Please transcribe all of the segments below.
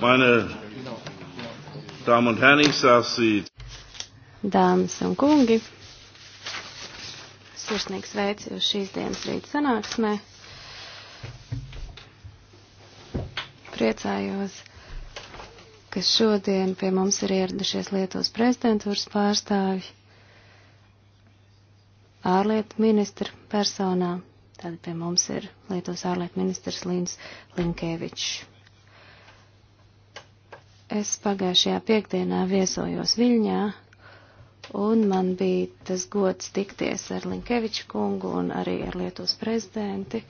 Meine Damen und Herren, ich sage Sie. Dāmas un kungi, sirsnīgs veids jūs šīs dienas rīt sanāksmē. Priecājos, ka šodien pie mums ir ieradušies Lietuvas prezidentūras pārstāvji ārlietu ministra personā. Tad pie mums ir Lietuvas ārlietu ministrs Līns Linkevičs. Es pagājušajā piekdienā viesojos Viļņā, un man bija tas gods tikties ar Linkeviču kungu un arī ar Lietuvas prezidenti.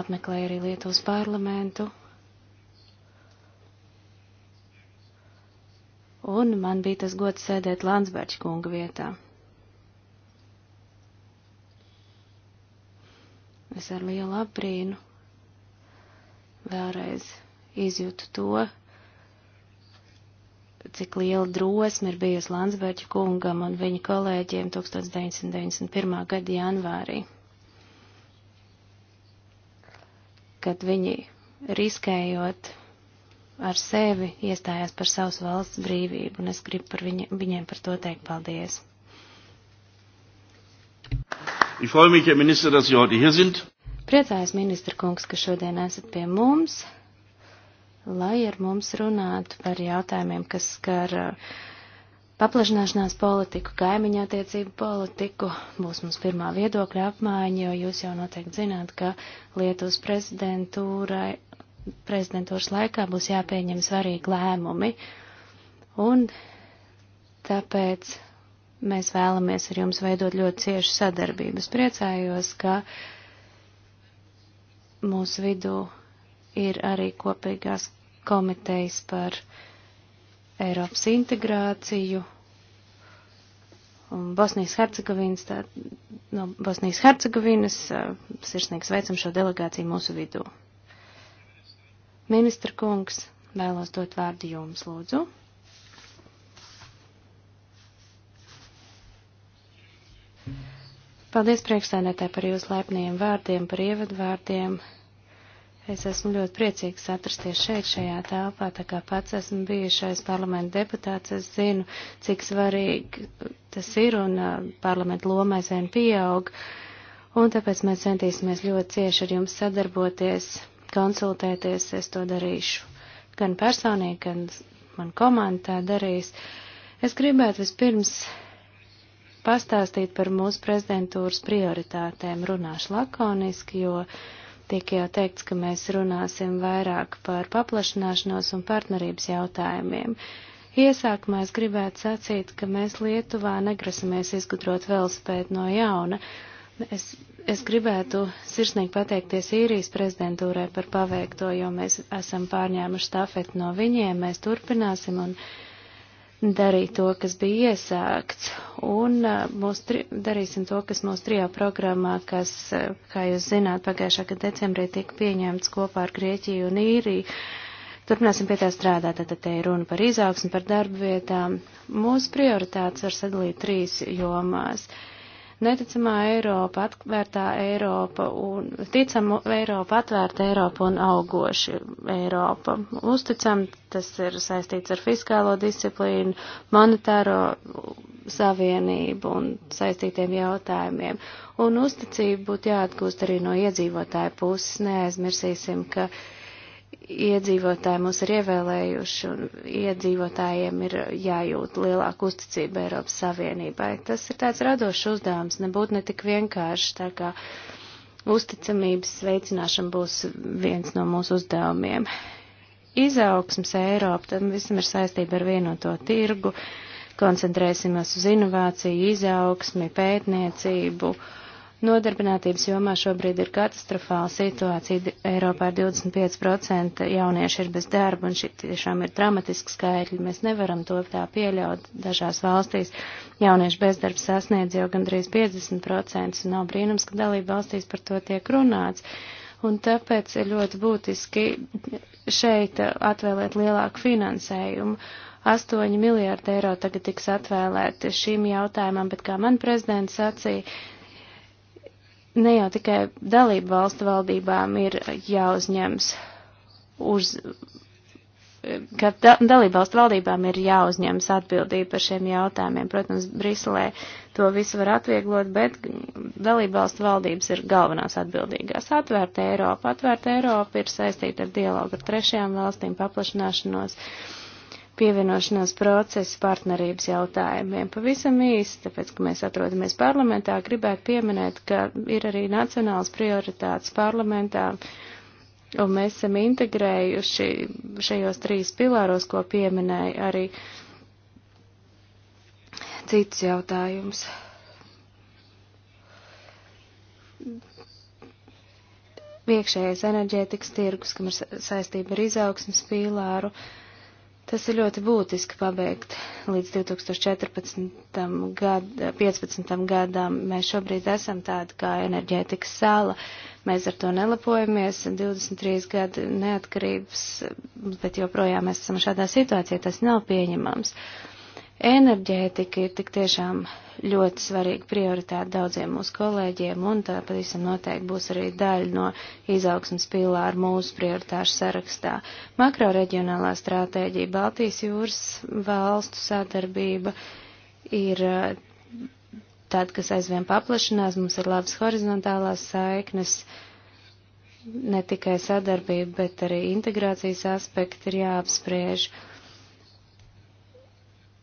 Apmeklēju arī Lietuvas parlamentu. Un man bija tas gods sēdēt Landsberģa kunga vietā. Es ar lielu apbrīnu vēlreiz izjūtu to, cik liela drosme ir bijusi Landsbērķa kungam un viņa kolēģiem 1991. gada janvārī, kad viņi riskējot ar sevi iestājās par savas valsts brīvību, un es gribu par viņa, viņiem par to teikt paldies. Ich freue mich, Herr Minister, dass Sie heute hier sind. Priecājos, ministra kungs, ka šodien esat pie mums lai ar mums runātu par jautājumiem, kas skar uh, paplašināšanās politiku, kaimiņa attiecību politiku. Būs mums pirmā viedokļa apmaiņa, jo jūs jau noteikti zināt, ka Lietuvas prezidentūrai, prezidentūras laikā būs jāpieņem svarīgi lēmumi. Un tāpēc mēs vēlamies ar jums veidot ļoti ciešu sadarbības. Priecājos, ka mūsu vidū ir arī kopīgās komitejas par Eiropas integrāciju un Bosnijas Hercegovinas, tā, no Bosnijas Hercegovinas sirsnīgi sveicam šo delegāciju mūsu vidū. Ministra kungs, vēlos dot vārdu jums, lūdzu. Paldies priekšsēdētāji par jūsu laipniem vārdiem, par ievadvārdiem. vārdiem Es esmu ļoti priecīgs atrasties šeit, šajā telpā, tā kā pats esmu bijušais parlamenta deputāts. Es zinu, cik svarīgi tas ir un parlamenta loma aizvien pieaug. Un tāpēc mēs centīsimies ļoti cieši ar jums sadarboties, konsultēties. Es to darīšu gan personīgi, gan man komanda tā darīs. Es gribētu vispirms pastāstīt par mūsu prezidentūras prioritātēm. Runāšu lakoniski, jo Tika jau teikts, ka mēs runāsim vairāk par paplašināšanos un partnerības jautājumiem. Iesākumā es gribētu sacīt, ka mēs Lietuvā negrasamies izgudrot velospēdu no jauna. Es, es gribētu sirsnīgi pateikties īrijas prezidentūrai par paveikto, jo mēs esam pārņēmuši stafeti no viņiem, mēs turpināsim un. Uh, darīt to, kas bija iesākts, un uh, mūs tri, darīsim to, kas mūsu trijā programmā, kas, uh, kā jūs zināt, pagājušā gada decembrī tika pieņemts kopā ar Grieķiju un Īriju. Turpināsim pie tā strādāt, tad te ir runa par izaugsmu, par darba vietām. Mūsu prioritātes var sadalīt trīs jomās. Uh, Neticamā Eiropa, atvērtā Eiropa un ticama Eiropa, atvērta Eiropa un augoši Eiropa. Uzticam, tas ir saistīts ar fiskālo disciplīnu, monetāro savienību un saistītiem jautājumiem. Un uzticību būtu jāatgūst arī no iedzīvotāju puses. Neaizmirsīsim, ka uh, iedzīvotāji mūs ir ievēlējuši un iedzīvotājiem ir jājūt lielāku uzticību Eiropas Savienībai. Tas ir tāds radošs uzdevums, nebūtu ne tik vienkārši, tā kā uzticamības veicināšana būs viens no mūsu uzdevumiem. Izaugsms Eiropa, tam visam ir saistība ar vienoto tirgu, koncentrēsimies uz inovāciju, izaugsmi, pētniecību. Uh, Nodarbinātības jomā šobrīd ir katastrofāla situācija. Eiropā ir 25% jaunieši ir bez darba, un šī tiešām ir dramatiska skaitļa. Mēs nevaram to tā pieļaut. Dažās valstīs jauniešu bezdarbs sasniedz jau gandrīz 50%, un nav brīnums, ka dalība valstīs par to tiek runāts. Un tāpēc ir ļoti būtiski šeit atvēlēt lielāku finansējumu. 8 miljārdi eiro tagad tiks atvēlēti šīm jautājumam, bet kā man prezidents sacīja, ne jau tikai dalību valstu valdībām ir jāuzņems uz, ka da, dalību valstu valdībām ir jāuzņems atbildība par šiem jautājumiem. Protams, Briselē to visu var atvieglot, bet dalību valstu valdības ir galvenās atbildīgās. Atvērta Eiropa. Atvērta Eiropa ir saistīta ar dialogu ar trešajām valstīm, paplašanāšanos. Uh, pievienošanās procesa partnerības jautājumiem. Pavisam īsti, tāpēc, ka mēs atrodamies parlamentā, gribētu pieminēt, ka ir arī nacionāls prioritātes parlamentā, un mēs esam integrējuši šajos trīs pilāros, ko pieminēja arī cits jautājums. Iekšējais enerģētikas tirgus, kam ir saistība ar izaugsmas pīlāru, uh, Tas ir ļoti būtiski pabeigt līdz 2014. Gad, 15. gadam. Mēs šobrīd esam tādi kā enerģētikas sāla. Mēs ar to nelapojamies. 23 gadi neatkarības, bet joprojām mēs esam šādā situācijā. Tas nav pieņemams. Uh, Enerģētika ir tik tiešām ļoti svarīga prioritāte daudziem mūsu kolēģiem, un tā pavisam noteikti būs arī daļa no izaugsmas pilāra mūsu prioritāšu sarakstā. Makroreģionālā stratēģija, Baltijas jūras valstu sadarbība ir eh, tāda, kas aizvien paplašinās, mums ir labas horizontālās saiknes, ne tikai sadarbība, bet arī integrācijas aspekti ir jāapspriež. Uh,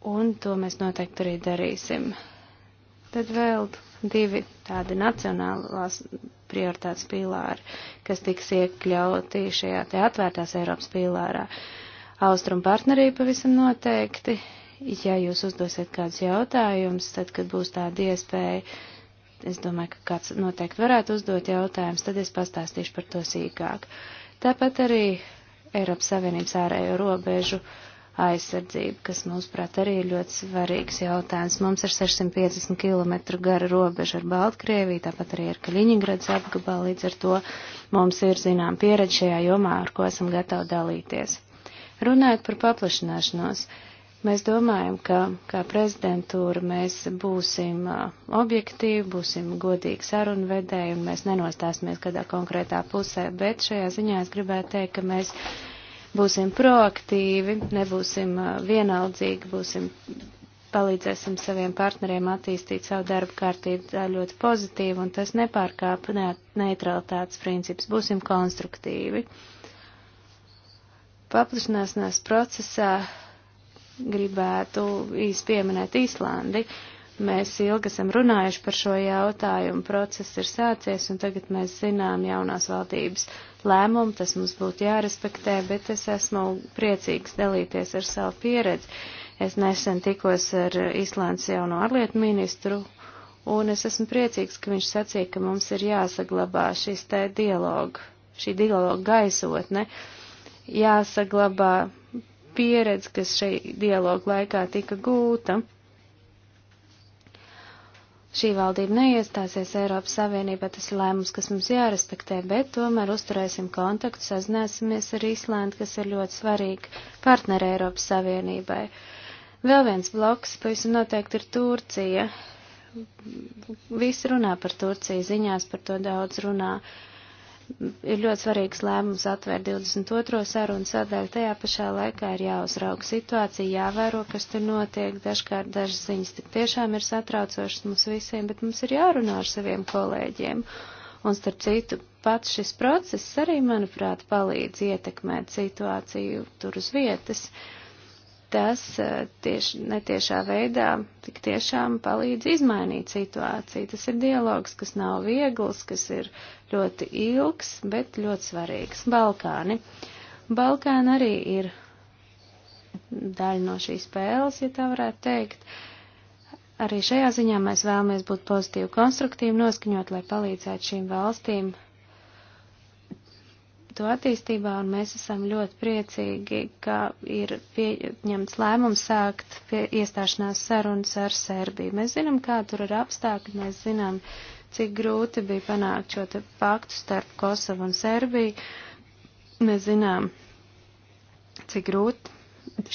un to mēs noteikti arī darīsim. Tad vēl divi tādi nacionālās prioritātes pīlāri, kas tiks iekļauti šajā te atvērtās Eiropas pīlārā. Austrum partnerība pavisam noteikti. Ja jūs uzdosiet kādus jautājumus, tad, kad būs tāda iespēja, es domāju, ka kāds noteikti varētu uzdot jautājumus, tad es pastāstīšu par to sīkāk. Tāpat arī Eiropas Savienības ārējo robežu uh, aizsardzību, kas, mūsuprāt, arī ir ļoti svarīgs jautājums. Mums ir 650 km gara robeža ar Baltkrieviju, tāpat arī ar Kaļiņingrads apgabalu, līdz ar to mums ir zinām pieredze šajā jomā, ar ko esam gatavi dalīties. Runājot par paplašināšanos, mēs domājam, ka kā prezidentūra mēs būsim uh, objektīvi, būsim godīgi sarunvedēji un mēs nenostāsimies kādā konkrētā pusē, bet šajā ziņā es gribētu teikt, ka mēs būsim proaktīvi, nebūsim uh, vienaldzīgi, būsim, palīdzēsim saviem partneriem attīstīt savu darbu kārtību tā ļoti pozitīvi, un tas nepārkāp ne, neutralitātes princips, būsim konstruktīvi. Paplašanāsnās procesā gribētu īsti pieminēt Īslandi. Uh, Mēs ilgi esam runājuši par šo jautājumu, process ir sācies, un tagad mēs zinām jaunās valdības lēmumu, tas mums būtu jārespektē, bet es esmu priecīgs dalīties ar savu pieredzi. Es nesen tikos ar Īslandes jauno ārlietu ministru, un es esmu priecīgs, ka viņš sacīja, ka mums ir jāsaglabā šis te dialogu, šī dialogu gaisotne, jāsaglabā pieredze, kas šī dialogu laikā tika gūta šī valdība neiestāsies Eiropas Savienībā, tas ir lēmums, kas mums jārespektē, bet tomēr uzturēsim kontaktu, sazināsimies ar Īslandu, kas ir ļoti svarīga partnera Eiropas Savienībai. Vēl viens bloks, pavisam noteikti, ir Turcija. Visi runā par Turciju, ziņās par to daudz runā ir ļoti svarīgs lēmums atvērt 22. sarunu sadaļu. Tajā pašā laikā ir jāuzrauga situācija, jāvēro, kas tur notiek. Dažkārt dažas ziņas tik tiešām ir satraucošas mums visiem, bet mums ir jārunā ar saviem kolēģiem. Un starp citu, pats šis process arī, manuprāt, palīdz ietekmēt situāciju tur uz vietas. Uh, tas eh, tieši netiešā veidā tik tiešām palīdz izmainīt situāciju. Tas ir dialogs, kas nav viegls, kas ir ļoti ilgs, bet ļoti svarīgs. Balkāni. Balkāni arī ir daļa no šīs spēles, ja tā varētu teikt. Arī šajā ziņā mēs vēlamies būt pozitīvi, konstruktīvi noskaņot, lai palīdzētu šīm valstīm projektu attīstībā, un mēs esam ļoti priecīgi, ka ir pieņemts lēmums sākt pie iestāšanās sarunas ar Serbiju. Mēs zinām, kā tur ir apstākļi, mēs zinām, cik grūti bija panākt šo te paktu starp Kosovu un Serbiju. Mēs zinām, cik grūti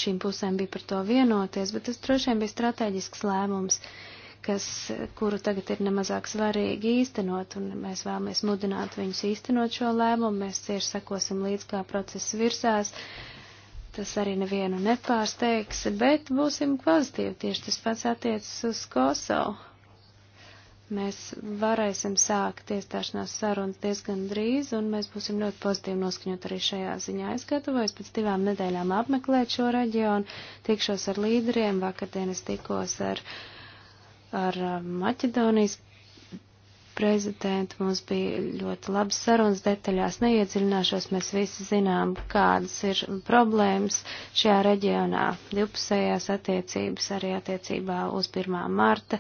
šīm pusēm bija par to vienoties, bet tas droši vien bija strateģisks lēmums. Uh, kas, kuru tagad ir nemazāk svarīgi īstenot, un mēs vēlamies mudināt viņus īstenot šo lēmumu, mēs cieši sekosim līdz, kā process virsās, tas arī nevienu nepārsteigs, bet būsim pozitīvi, tieši tas pats attiecas uz Kosovu. Mēs varēsim sākt iestāšanās sarunas diezgan drīz, un mēs būsim ļoti pozitīvi noskaņot arī šajā ziņā. Es gatavojos pēc divām nedēļām apmeklēt šo reģionu, tikšos ar līderiem, vakardien es tikos ar uh, ar uh, Maķedonijas prezidentu. Mums bija ļoti labas sarunas detaļās, neiedziļināšos. Mēs visi zinām, kādas ir problēmas šajā reģionā. Divpusējās attiecības arī attiecībā uz 1. marta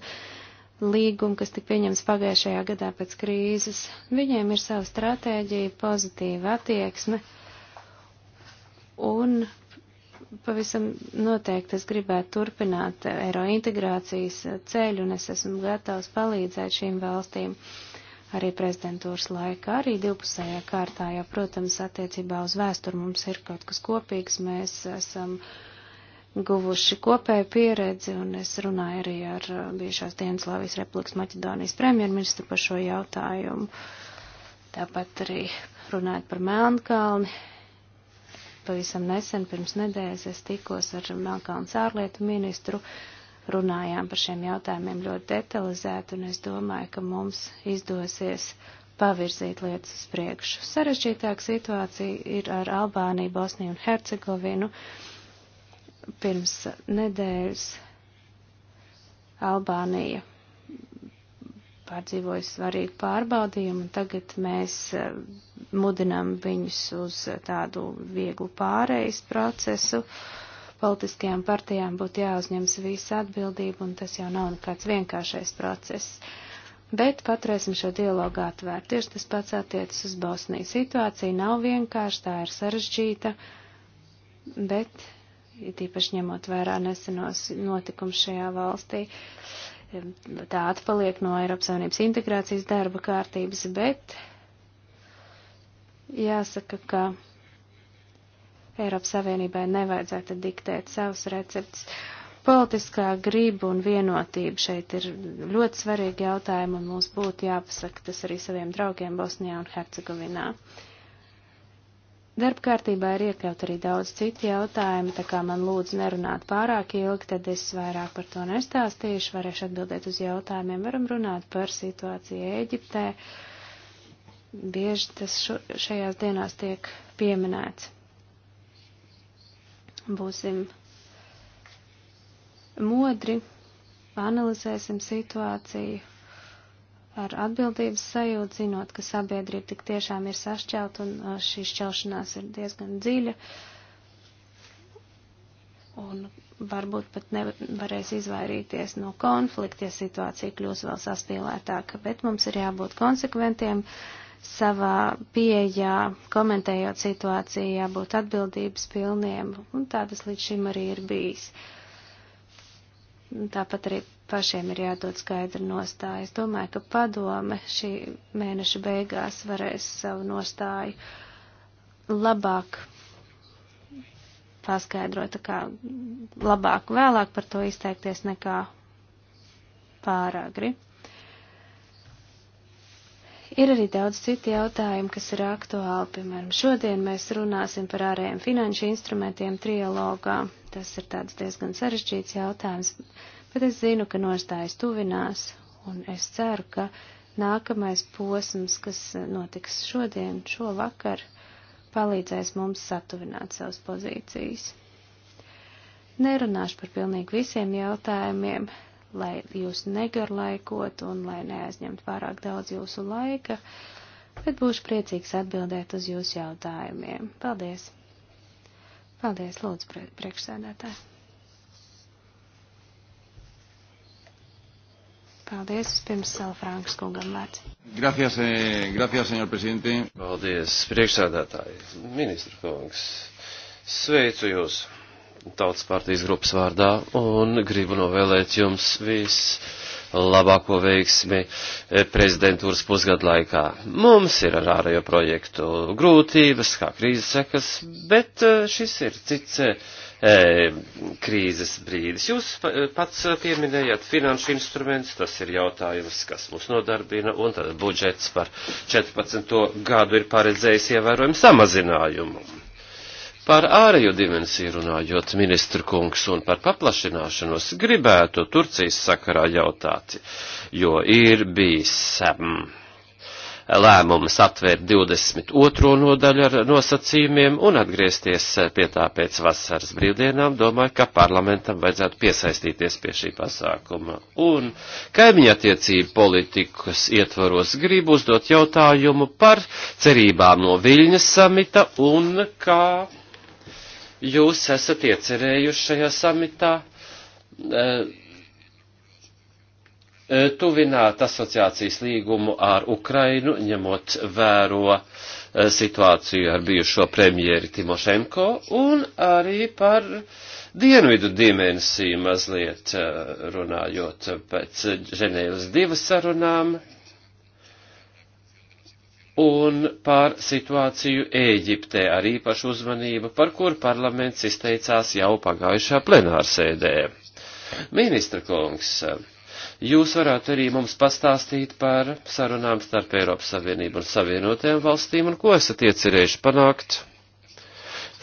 līgumu, kas tika pieņemts pagājušajā gadā pēc krīzes. Viņiem ir sava stratēģija, pozitīva attieksme. Un pavisam noteikti es gribētu turpināt eiro integrācijas ceļu, un es esmu gatavs palīdzēt šīm valstīm arī prezidentūras laikā, arī divpusējā kārtā, jo, protams, attiecībā uz vēsturu mums ir kaut kas kopīgs, mēs esam guvuši kopēju pieredzi, un es runāju arī ar uh, bijušās Dienaslavijas Republikas Maķedonijas premjerministru par šo jautājumu. Tāpat arī runājot par Melnkalni, pavisam nesen, pirms nedēļas, es tikos ar Melkalnas ārlietu ministru, runājām par šiem jautājumiem ļoti detalizēti, un es domāju, ka mums izdosies pavirzīt lietas uz priekšu. Sarežģītāka situācija ir ar Albāniju, Bosniju un Hercegovinu. Pirms nedēļas Albānija pārdzīvojusi svarīgu pārbaudījumu, un tagad mēs e, mudinām viņus uz e, tādu vieglu pārejas procesu. Politiskajām partijām būtu jāuzņems visa atbildība, un tas jau nav nekāds vienkāršais process. Bet paturēsim šo dialogu atvērt. Tieši tas pats attiecas uz Bosniju. Situācija nav vienkārša, tā ir sarežģīta, bet it īpaši ņemot vērā nesenos notikums šajā valstī. Uh, tā atpaliek no Eiropas Savienības integrācijas darba kārtības, bet jāsaka, ka Eiropas Savienībai nevajadzētu diktēt savus receptus. Politiskā griba un vienotība šeit ir ļoti svarīgi jautājumi, un mums būtu jāpasaka tas arī saviem draugiem Bosnijā un Hercegovinā. Uh, Darba kārtībā ir iekļaut arī daudz citu jautājumu, tā kā man lūdzu nerunāt pārāk ilgi, tad es vairāk par to nestāstīšu, varēšu atbildēt uz jautājumiem. Varam runāt par situāciju Ēģiptē. Bieži tas šo, šajās dienās tiek pieminēts. Būsim modri, analizēsim situāciju, ar atbildības sajūtu, zinot, ka sabiedrība tik tiešām ir sašķelt un uh, šī šķelšanās ir diezgan dziļa un varbūt pat nevarēs izvairīties no konflikta, ja situācija kļūs vēl saspīlētāka, bet mums ir jābūt konsekventiem savā pieejā, komentējot situāciju, jābūt atbildības pilniem, un tā tas līdz šim arī ir bijis. Uh, Tāpat arī pašiem ir jādod skaidra nostāja. Es domāju, ka padome šī mēneša beigās varēs savu nostāju labāk paskaidrot, kā labāk vēlāk par to izteikties nekā pāragri. Ir arī daudz citu jautājumu, kas ir aktuāli. Piemēram, šodien mēs runāsim par ārējiem finanšu instrumentiem trialogā. Tas ir tāds diezgan sarežģīts jautājums, bet es zinu, ka nostājas tuvinās, un es ceru, ka nākamais posms, kas notiks šodien, šovakar, palīdzēs mums satuvināt savas pozīcijas. Nerunāšu par pilnīgi visiem jautājumiem, lai jūs negarlaikot un lai neaizņemt pārāk daudz jūsu laika, bet būšu priecīgs atbildēt uz jūsu jautājumiem. Paldies! Paldies, lūdzu, priekšsēdētāji! Paldies, pirms Salafrānkas kungam vārds. Gracias, eh, gracias, senor presidente. Paldies, priekšsēdētāji, ministra kungs. Sveicu jūs! tautas partijas grupas vārdā un gribu novēlēt jums vislabāko veiksmi eh, prezidentūras pusgadu laikā. Mums ir ar ārējo projektu grūtības, kā krīzes sekas, bet eh, šis ir cits eh, krīzes brīdis. Jūs pats pieminējat finanšu instruments, tas ir jautājums, kas mūs nodarbina, un tad budžets par 14. gadu ir paredzējis ievērojumu samazinājumu. Par ārējo dimensiju runājot, ministra kungs, un par paplašināšanos gribētu Turcijas sakarā jautāt, jo ir bijis um, lēmums atvērt 22. nodaļu ar nosacījumiem un atgriezties pie tā pēc vasaras brīvdienām. Domāju, ka parlamentam vajadzētu piesaistīties pie šī pasākuma. Un kaimiņattiecību politikas ietvaros gribu uzdot jautājumu par cerībām no Viļņas samita un kā. Ka jūs esat iecerējuši šajā samitā eh, eh, tuvināt asociācijas līgumu ar Ukrainu, ņemot vēro eh, situāciju ar bijušo premjeri Timošenko un arī par dienvidu dimensiju mazliet runājot pēc Ženēvas divas sarunām un pār situāciju Ēģiptē ar īpašu uzmanību, par kur parlaments izteicās jau pagājušā plenārsēdē. Ministra kungs, jūs varētu arī mums pastāstīt par sarunām starp Eiropas Savienību un Savienotajām valstīm un ko esat iecerējuši panākt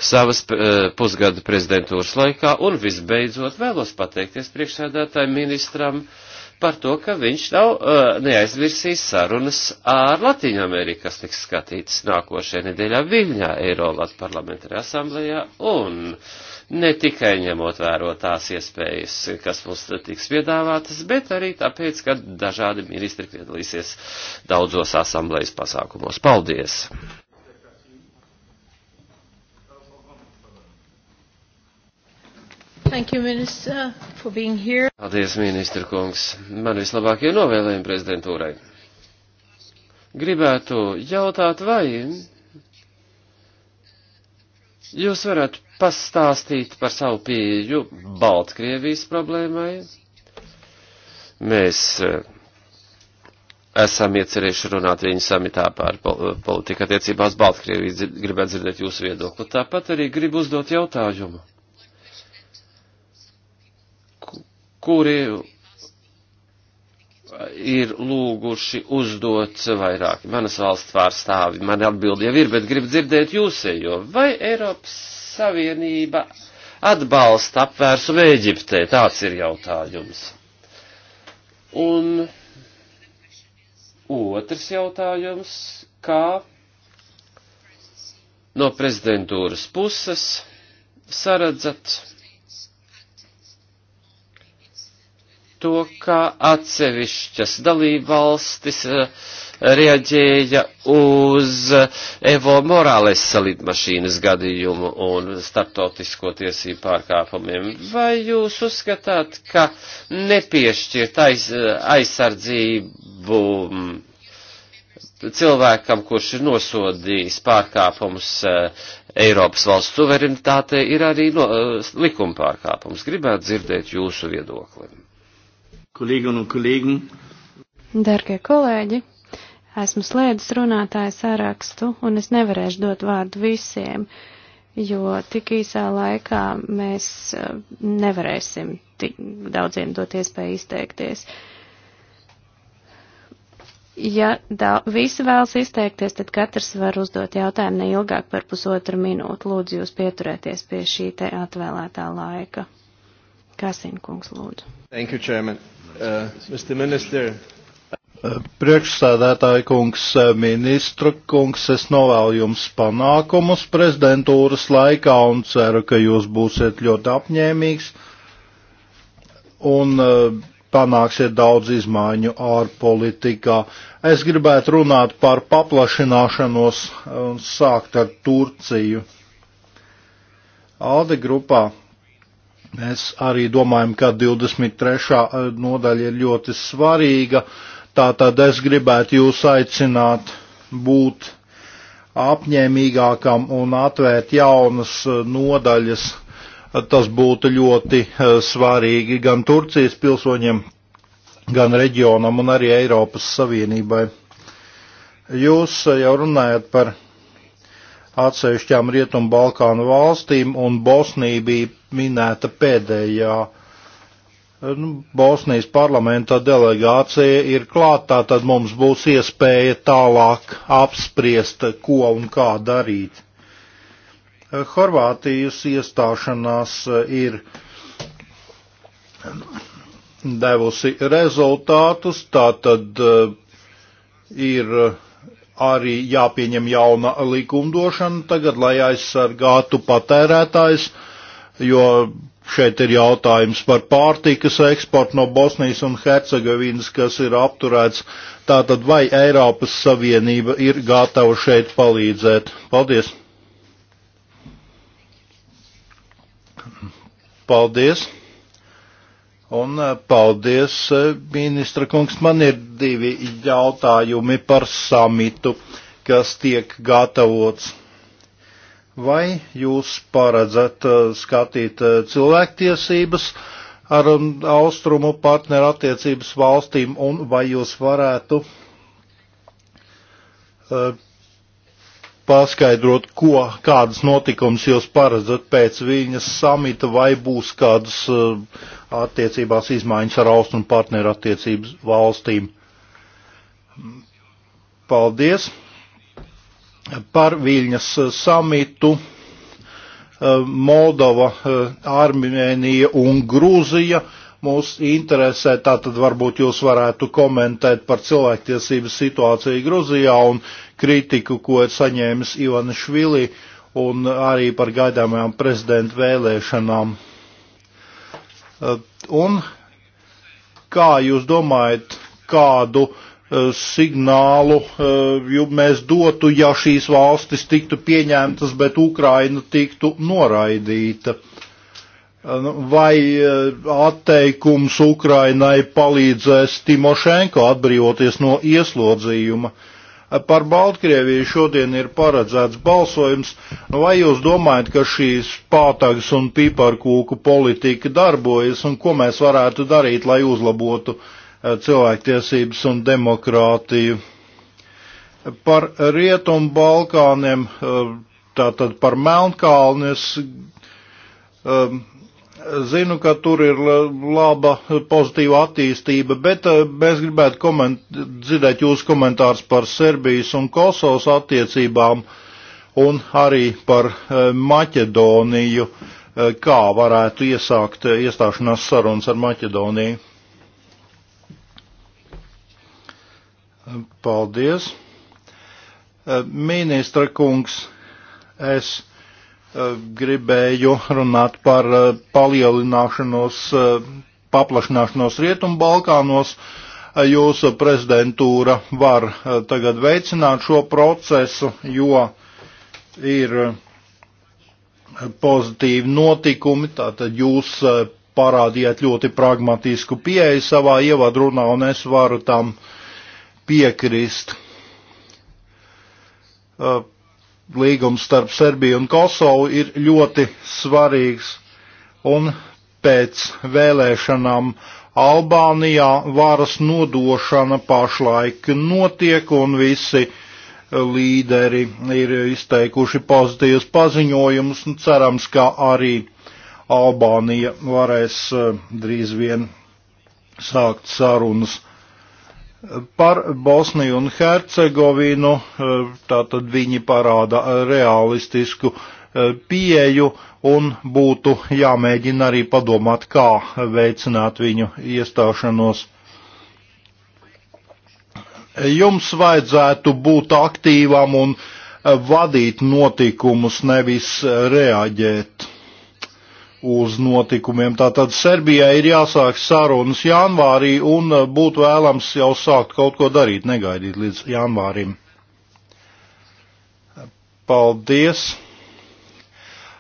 savas eh, pusgada prezidentūras laikā, un visbeidzot vēlos pateikties priekšsēdētāju ministram, uh, par to, ka viņš nav uh, neaizvirsījis sarunas ar Latīņu Ameriku, kas tiks skatītas nākošajā nedēļā Viļņā, Eirolat parlamentārajā asamblējā, un ne tikai ņemot vēro tās iespējas, kas mums tiks piedāvātas, bet arī tāpēc, ka dažādi ministri piedalīsies daudzos asamblējas pasākumos. Paldies! Thank you, minister, for being here. Paldies, ministra kungs. Man vislabākie novēlējumi prezidentūrai. Gribētu jautāt, vai jūs varat pastāstīt par savu pieju Baltkrievijas problēmai? Mēs eh, esam iecerējuši runāt viņu samitā par politiku attiecībās Baltkrievijas. Gribētu dzirdēt jūsu viedokli. Tāpat arī gribu uzdot jautājumu kuri ir lūguši uzdot vairāk. Manas valsts pārstāvi, man atbildi jau ir, bet grib dzirdēt jūsējo. Vai Eiropas Savienība atbalsta apvērsumu Eģiptē? Tāds ir jautājums. Un otrs jautājums, kā no prezidentūras puses saredzat to, kā atsevišķas dalībvalstis eh, reaģēja uz eh, Evo Morales salidmašīnas gadījumu un starptautisko tiesību pārkāpumiem. Vai jūs uzskatāt, ka nepiešķirt aiz, eh, aizsardzību mm, cilvēkam, kurš ir nosodījis pārkāpumus Eiropas valsts suverenitātei, ir arī no, likuma pārkāpums? Gribētu dzirdēt jūsu viedokli. Kolēģinu un kolēģi. Dargie kolēģi, esmu slēdzis runātāju sarakstu un es nevarēšu dot vārdu visiem, jo tik īsā laikā mēs eh, nevarēsim tik daudziem dot iespēju izteikties. Ja da, visi vēlas izteikties, tad katrs var uzdot jautājumu neilgāk par pusotru minūtu. Lūdzu, jūs pieturēties pie šī te atvēlētā laika. Kasinkungs, lūdzu. Thank you, Chairman. Uh, Mr. Minister. Uh, priekšsēdētāji kungs, uh, ministru kungs, es novēlu jums panākumus prezidentūras laikā un ceru, ka jūs būsiet ļoti apņēmīgs un panāksiet daudz izmaiņu ārpolitikā. Es gribētu runāt par paplašināšanos un sākt ar Turciju. Alde grupā Mēs arī domājam, ka 23. Eh, nodaļa ir ļoti svarīga, tātad es gribētu jūs aicināt būt apņēmīgākam un atvērt jaunas eh, nodaļas. Tas būtu ļoti eh, svarīgi gan Turcijas pilsoņiem, gan reģionam un arī Eiropas Savienībai. Jūs jau runājat par atsevišķām Rietumu Balkānu valstīm, un Bosnija bija minēta pēdējā. Nu, Bosnijas parlamenta delegācija ir klātā, tad mums būs iespēja tālāk apspriest, ko un kā darīt. Horvātijas iestāšanās ir devusi rezultātus, tā tad eh, ir arī jāpieņem jauna likumdošana tagad, lai aizsargātu patērētājs, jo šeit ir jautājums par pārtikas eksportu no Bosnijas un Hercegovinas, kas ir apturēts. Tātad vai Eiropas Savienība ir gatava šeit palīdzēt? Paldies! Paldies! Un eh, paldies, eh, ministra kungs. Man ir divi jautājumi par samitu, kas tiek gatavots. Vai jūs paredzat eh, skatīt cilvēktiesības ar um, austrumu partneru attiecības valstīm un vai jūs varētu paskaidrot, ko, kādas notikums jūs paredzat pēc viņas samita, vai būs kādas uh, attiecībās izmaiņas ar austrumu partneru attiecības valstīm. Paldies par Viļņas samitu. Moldova, Armēnija un Grūzija mūs interesē, tātad varbūt jūs varētu komentēt par cilvēktiesības situāciju Grūzijā un kritiku, ko ir saņēmis Ivana Švili un arī par gaidāmajām prezidenta vēlēšanām. Un kā jūs domājat, kādu signālu mēs dotu, ja šīs valstis tiktu pieņemtas, bet Ukraina tiktu noraidīta? Nu, vai atteikums Ukrainai palīdzēs Timošenko atbrīvoties no ieslodzījuma? Uh, Par Baltkrieviju šodien ir paredzēts balsojums. Vai jūs domājat, ka šīs pātagas un piparkūku politika darbojas un ko mēs varētu darīt, lai uzlabotu eh, cilvēktiesības un demokrātiju? Par Rietumu Balkāniem, eh, tātad par Melnkalnes eh, Zinu, ka tur ir laba pozitīva attīstība, bet eh, mēs gribētu koment, dzirdēt jūsu komentārus par Serbijas un Kosovas attiecībām un arī par eh, Maķedoniju, eh, kā varētu iesākt iestāšanās sarunas ar Maķedoniju. Paldies. Ministra kungs, es Eh, gribēju runāt par eh, palielināšanos, eh, paplašināšanos Rietumbalkānos. Jūsu prezidentūra var tagad veicināt šo procesu, jo ir pozitīvi notikumi, tātad jūs parādījāt ļoti pragmatisku pieeju savā ievadrunā, un es varu tam piekrist. Uh, līgums starp Serbiju un Kosovu ir ļoti svarīgs. Un pēc vēlēšanām Albānijā varas nodošana pašlaik notiek un visi eh, līderi ir izteikuši pozitīvus paziņojumus un cerams, ka arī Albānija varēs eh, drīz vien sākt sarunas. Par Bosniju un Hercegovinu e, tātad viņi parāda realistisku e, pieeju un būtu jāmēģina arī padomāt, kā veicināt viņu iestāšanos. Jums vajadzētu būt aktīvam un e, vadīt notikumus, nevis reaģēt uz notikumiem. Tātad Serbijai ir jāsāk sarunas janvārī un eh, būtu vēlams jau sākt kaut ko darīt, negaidīt līdz janvārim. Paldies!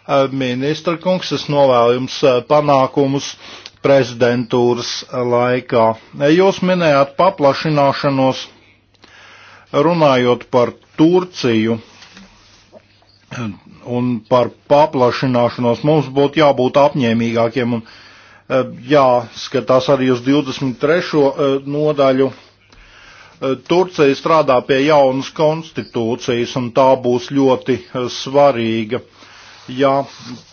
Eh, ministra kungs, es novēlu jums eh, panākumus prezidentūras laikā. Jūs minējāt paplašināšanos runājot par Turciju un par paplašināšanos mums būtu jābūt apņēmīgākiem un e, jāskatās arī uz 23. E, nodaļu. E, Turcija strādā pie jaunas konstitūcijas un tā būs ļoti svarīga, ja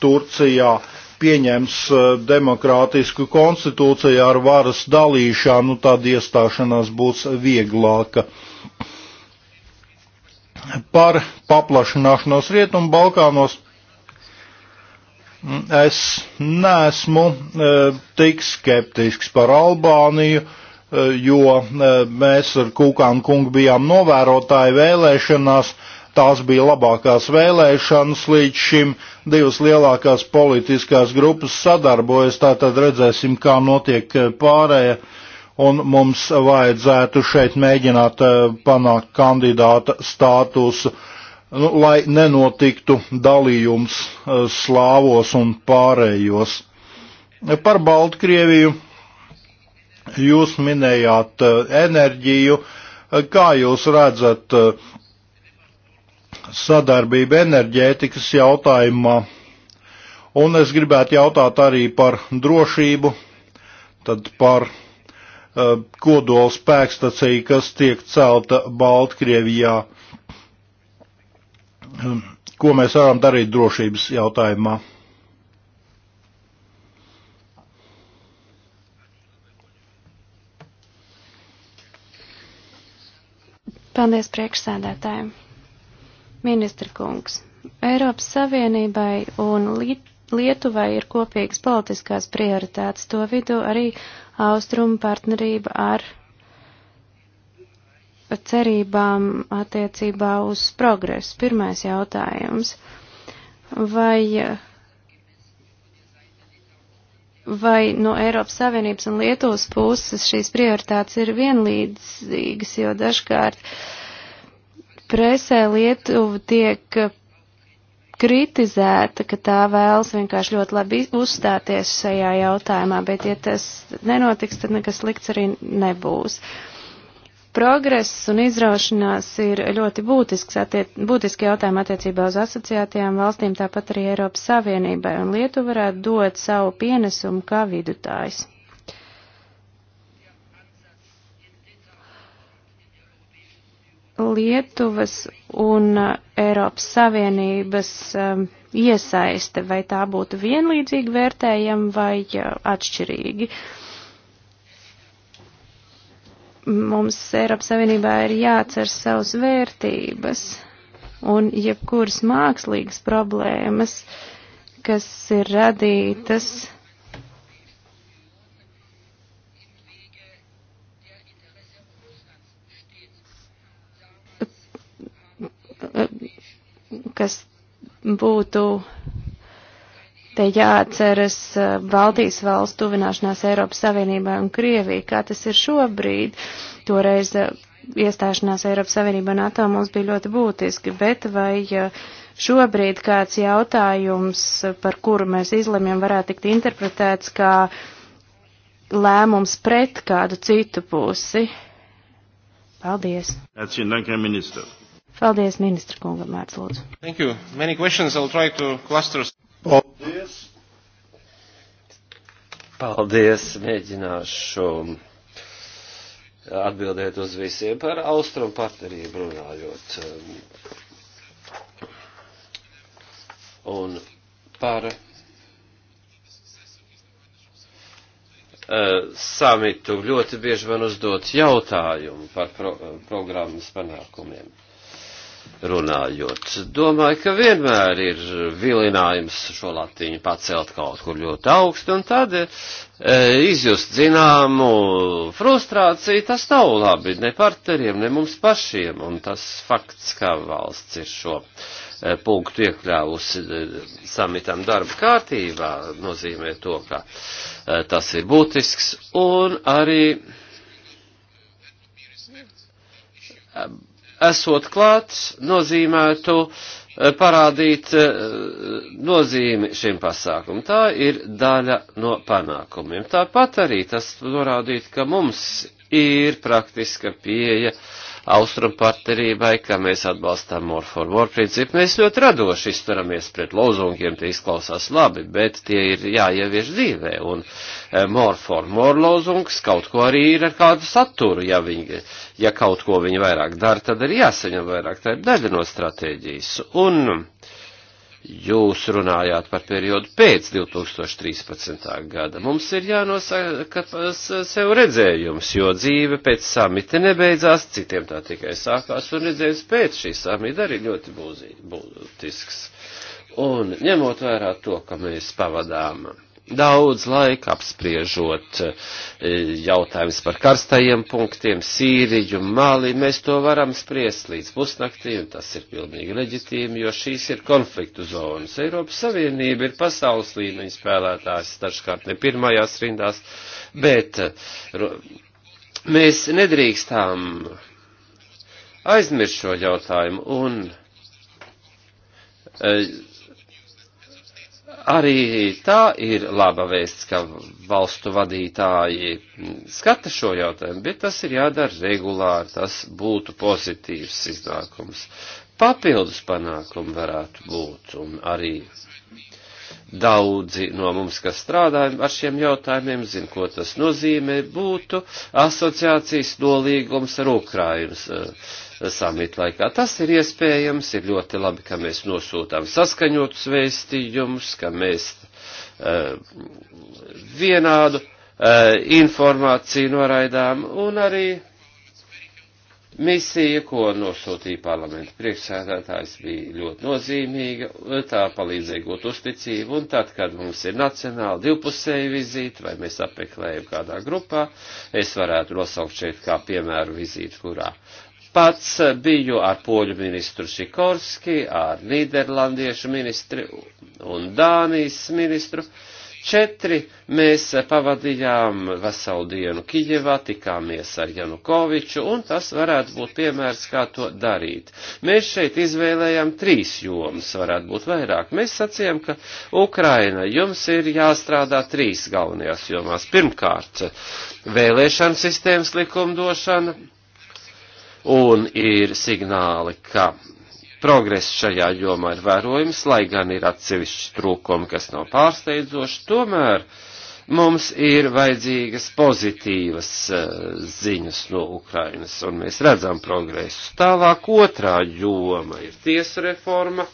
Turcijā pieņems demokrātisku konstitūciju ar varas dalīšanu, tad iestāšanās būs vieglāka par paplašināšanos Rietumu Balkānos. Mm, es neesmu e, tik skeptisks par Albāniju, e, jo e, mēs ar Kūkānu kungu bijām novērotāji vēlēšanās. Tās bija labākās vēlēšanas līdz šim. Divas lielākās politiskās grupas sadarbojas, tātad redzēsim, kā notiek pārējais un mums vajadzētu šeit mēģināt eh, panākt kandidāta statusu, nu, lai nenotiktu dalījums eh, slāvos un pārējos. Par Baltkrieviju jūs minējāt eh, enerģiju, kā jūs redzat sadarbību enerģētikas jautājumā, un es gribētu jautāt arī par drošību, tad par Eh, kodola spēkstacija, kas tiek celta Baltkrievijā. Eh, ko mēs varam darīt drošības jautājumā? Paldies priekšsēdētājiem. Ministra kungs, Eiropas Savienībai un Lietuvai Lietuvai ir kopīgas politiskās prioritātes, to vidu arī austrumu partnerība ar cerībām attiecībā uz progresu. Pirmais jautājums. Vai, vai no Eiropas Savienības un Lietuvas puses šīs prioritātes ir vienlīdzīgas, jo dažkārt presē Lietuva tiek kritizēta, ka tā vēlas vienkārši ļoti labi uzstāties šajā jautājumā, bet ja tas nenotiks, tad nekas slikts arī nebūs. Progress un izraušanās ir ļoti būtisks, attiec, būtiski jautājumi attiecībā uz asociētajām valstīm, tāpat arī Eiropas Savienībai, un Lietuva varētu dot savu pienesumu kā vidutājs. Lietuvas un uh, Eiropas Savienības um, iesaiste, vai tā būtu vienlīdzīgi vērtējama vai uh, atšķirīgi. Mums Eiropas Savienībā ir jācer savas vērtības un jebkuras mākslīgas problēmas, kas ir radītas kas būtu te jāatceras Baltijas valsts tuvināšanās Eiropas Savienībai un Krievijai, kā tas ir šobrīd. Toreiz iestāšanās Eiropas Savienībā NATO mums bija ļoti būtiski, bet vai šobrīd kāds jautājums, par kuru mēs izlemjam, varētu tikt interpretēts kā lēmums pret kādu citu pusi? Paldies! Atsien, danke, ministrs! Paldies, ministra kungam, vērts lūdzu. Thank you. Many questions, I'll try to cluster. Paldies. Paldies, mēģināšu atbildēt uz visiem par austrumu partnerību runājot. Un par eh, samitu ļoti bieži man uzdot jautājumu par pro, programmas panākumiem runājot. Domāju, ka vienmēr ir vilinājums šo latiņu pacelt kaut kur ļoti augstu, un tad e, izjust zināmu frustrāciju, tas nav labi ne partneriem, ne mums pašiem, un tas fakts, ka valsts ir šo e, punktu iekļāvusi e, samitam darba kārtībā, nozīmē to, ka e, tas ir būtisks, un arī. E, esot klāts, nozīmētu eh, parādīt eh, nozīmi šim pasākumam. Tā ir daļa no panākumiem. Tāpat arī tas norādīt, ka mums ir praktiska pieeja austrumu partnerībai, ka mēs atbalstām more for more principu. Mēs ļoti radoši izturamies pret lozungiem, tie izklausās labi, bet tie ir jāievieš dzīvē. Un Eh, more for more lozungs, kaut ko arī ir ar kādu saturu. Ja, viņi, ja kaut ko viņi vairāk dara, tad arī jāsaņem vairāk. Tā ir daļa no stratēģijas. Un jūs runājāt par periodu pēc 2013. gada. Mums ir jānosaka sev redzējums, jo dzīve pēc samita nebeidzās, citiem tā tikai sākās, un redzējums pēc šī samita arī ļoti būtisks. Un ņemot vērā to, ka mēs pavadām daudz laika apspriežot eh, jautājumus par karstajiem punktiem, Sīriju, Mali. Mēs to varam spriest līdz pusnaktī, un tas ir pilnīgi leģitīmi, jo šīs ir konfliktu zonas. Eiropas Savienība ir pasaules līmeņa spēlētājs, dažkārt ne pirmajās rindās, bet eh, mēs nedrīkstām aizmirst šo jautājumu un eh, Arī tā ir laba vēsts, ka valstu vadītāji skata šo jautājumu, bet tas ir jādara regulāri, tas būtu pozitīvs iznākums. Papildus panākumi varētu būt, un arī daudzi no mums, kas strādā ar šiem jautājumiem, zin, ko tas nozīmē, būtu asociācijas nolīgums ar Ukrainas eh, samita laikā. Tas ir iespējams, ir ļoti labi, ka mēs nosūtām saskaņotus vēstījumus, ka mēs uh, vienādu uh, informāciju noraidām un arī Misija, ko nosūtīja parlamenta priekšsēdētājs, bija ļoti nozīmīga, tā palīdzēja gūt uzticību, un tad, kad mums ir nacionāla divpusēja vizīte, vai mēs apmeklējam kādā grupā, es varētu nosaukt šeit kā piemēru vizīti, kurā Pats eh, biju ar poļu ministru Šikorski, ar nīderlandiešu ministru un Dānijas ministru. Četri mēs eh, pavadījām veselu dienu Kijevā, tikāmies ar Janukoviču, un tas varētu būt piemērs, kā to darīt. Mēs šeit izvēlējām trīs jomas, varētu būt vairāk. Mēs sacījām, ka Ukraina jums ir jāstrādā trīs galvenajās jomās. Pirmkārt, vēlēšana sistēmas likumdošana un ir signāli, ka progress šajā jomā ir vērojams, lai gan ir atsevišķi trūkumi, kas nav pārsteidzoši, tomēr mums ir vajadzīgas pozitīvas eh, ziņas no Ukrainas, un mēs redzam progresu. Tālāk otrā joma ir tiesa reforma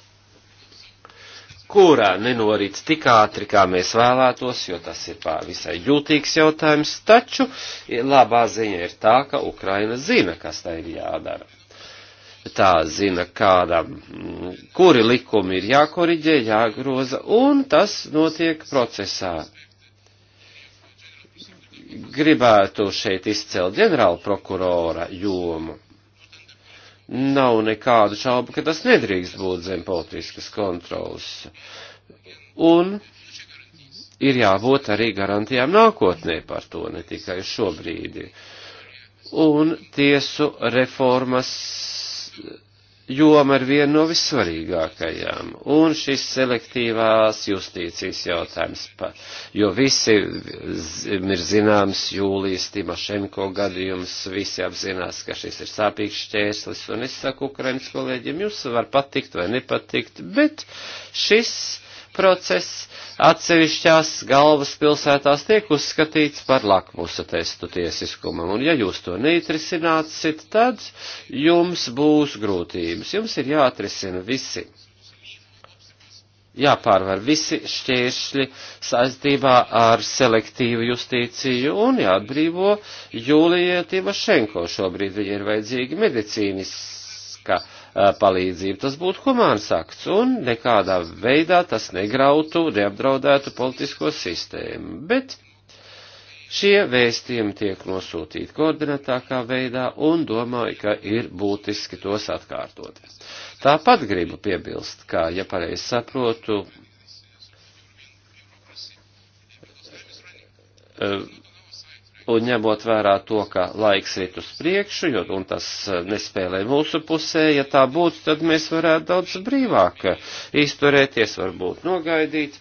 kurā nenorīt tik ātri, kā mēs vēlētos, jo tas ir visai jūtīgs jautājums, taču labā ziņa ir tā, ka Ukraina zina, kas tai ir jādara tā zina, kādam, kuri likumi ir jākoriģē, jāgroza, un tas notiek procesā. Gribētu šeit izcelt ģenerāla prokurora jomu nav nekādu šaubu, ka tas nedrīkst būt zem politiskas kontrolas. Un ir jābūt arī garantijām nākotnē par to, ne tikai šobrīd. Un tiesu reformas joma ir viena no vissvarīgākajām, un šis selektīvās justīcijas jautājums, pa, jo visi ir zināms Jūlijas Timošenko gadījums, visi apzinās, ka šis ir sāpīgs šķērslis, un es saku Ukrainas kolēģiem, jums var patikt vai nepatikt, bet šis process atsevišķās galvas pilsētās tiek uzskatīts par lakmusa testu tiesiskumam, un ja jūs to neatrisināsit, tad jums būs grūtības. Jums ir jāatrisina visi, jāpārvar visi šķēršļi saistībā ar selektīvu justīciju un jāatbrīvo Jūlija Timošenko. Šobrīd viņa ir vajadzīga medicīnas palīdzību. Tas būtu humāns akts un nekādā veidā tas negrautu, neapdraudētu politisko sistēmu. Bet šie vēstījumi tiek nosūtīti koordinatākā veidā un domāju, ka ir būtiski tos atkārtot. Tāpat gribu piebilst, ka, ja pareizi saprotu, uh, Un ņemot vērā to, ka laiks iet uz priekšu, jo, un tas eh, nespēlē mūsu pusē, ja tā būtu, tad mēs varētu daudz brīvāk eh, izturēties, varbūt nogaidīt,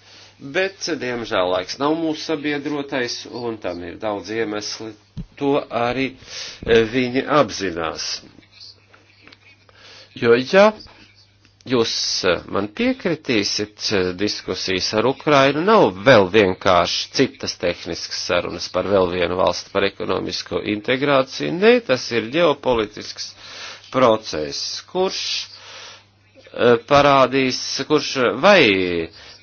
bet, diemžēl, laiks nav mūsu sabiedrotais, un tam ir daudz iemesli, to arī eh, viņi apzinās. Jo, ja jūs eh, man piekritīsiet, eh, diskusijas ar Ukrainu nav vēl vienkārši citas tehniskas sarunas par vēl vienu valstu par ekonomisko integrāciju. Nē, tas ir ģeopolitisks process, kurš eh, parādīs, kurš vai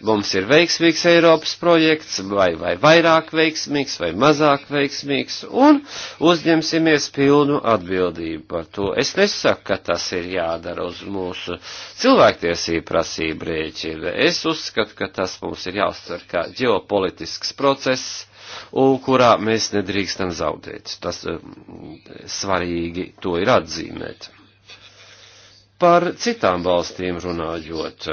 mums ir veiksmīgs Eiropas projekts, vai, vai vairāk veiksmīgs, vai mazāk veiksmīgs, un uzņemsimies pilnu atbildību par to. Es nesaku, ka tas ir jādara uz mūsu cilvēktiesību prasību rēķina. Es uzskatu, ka tas mums ir jāuztver kā ģeopolitisks process, un kurā mēs nedrīkstam zaudēt. Tas mm, svarīgi to ir atzīmēt. Par citām valstīm runājot,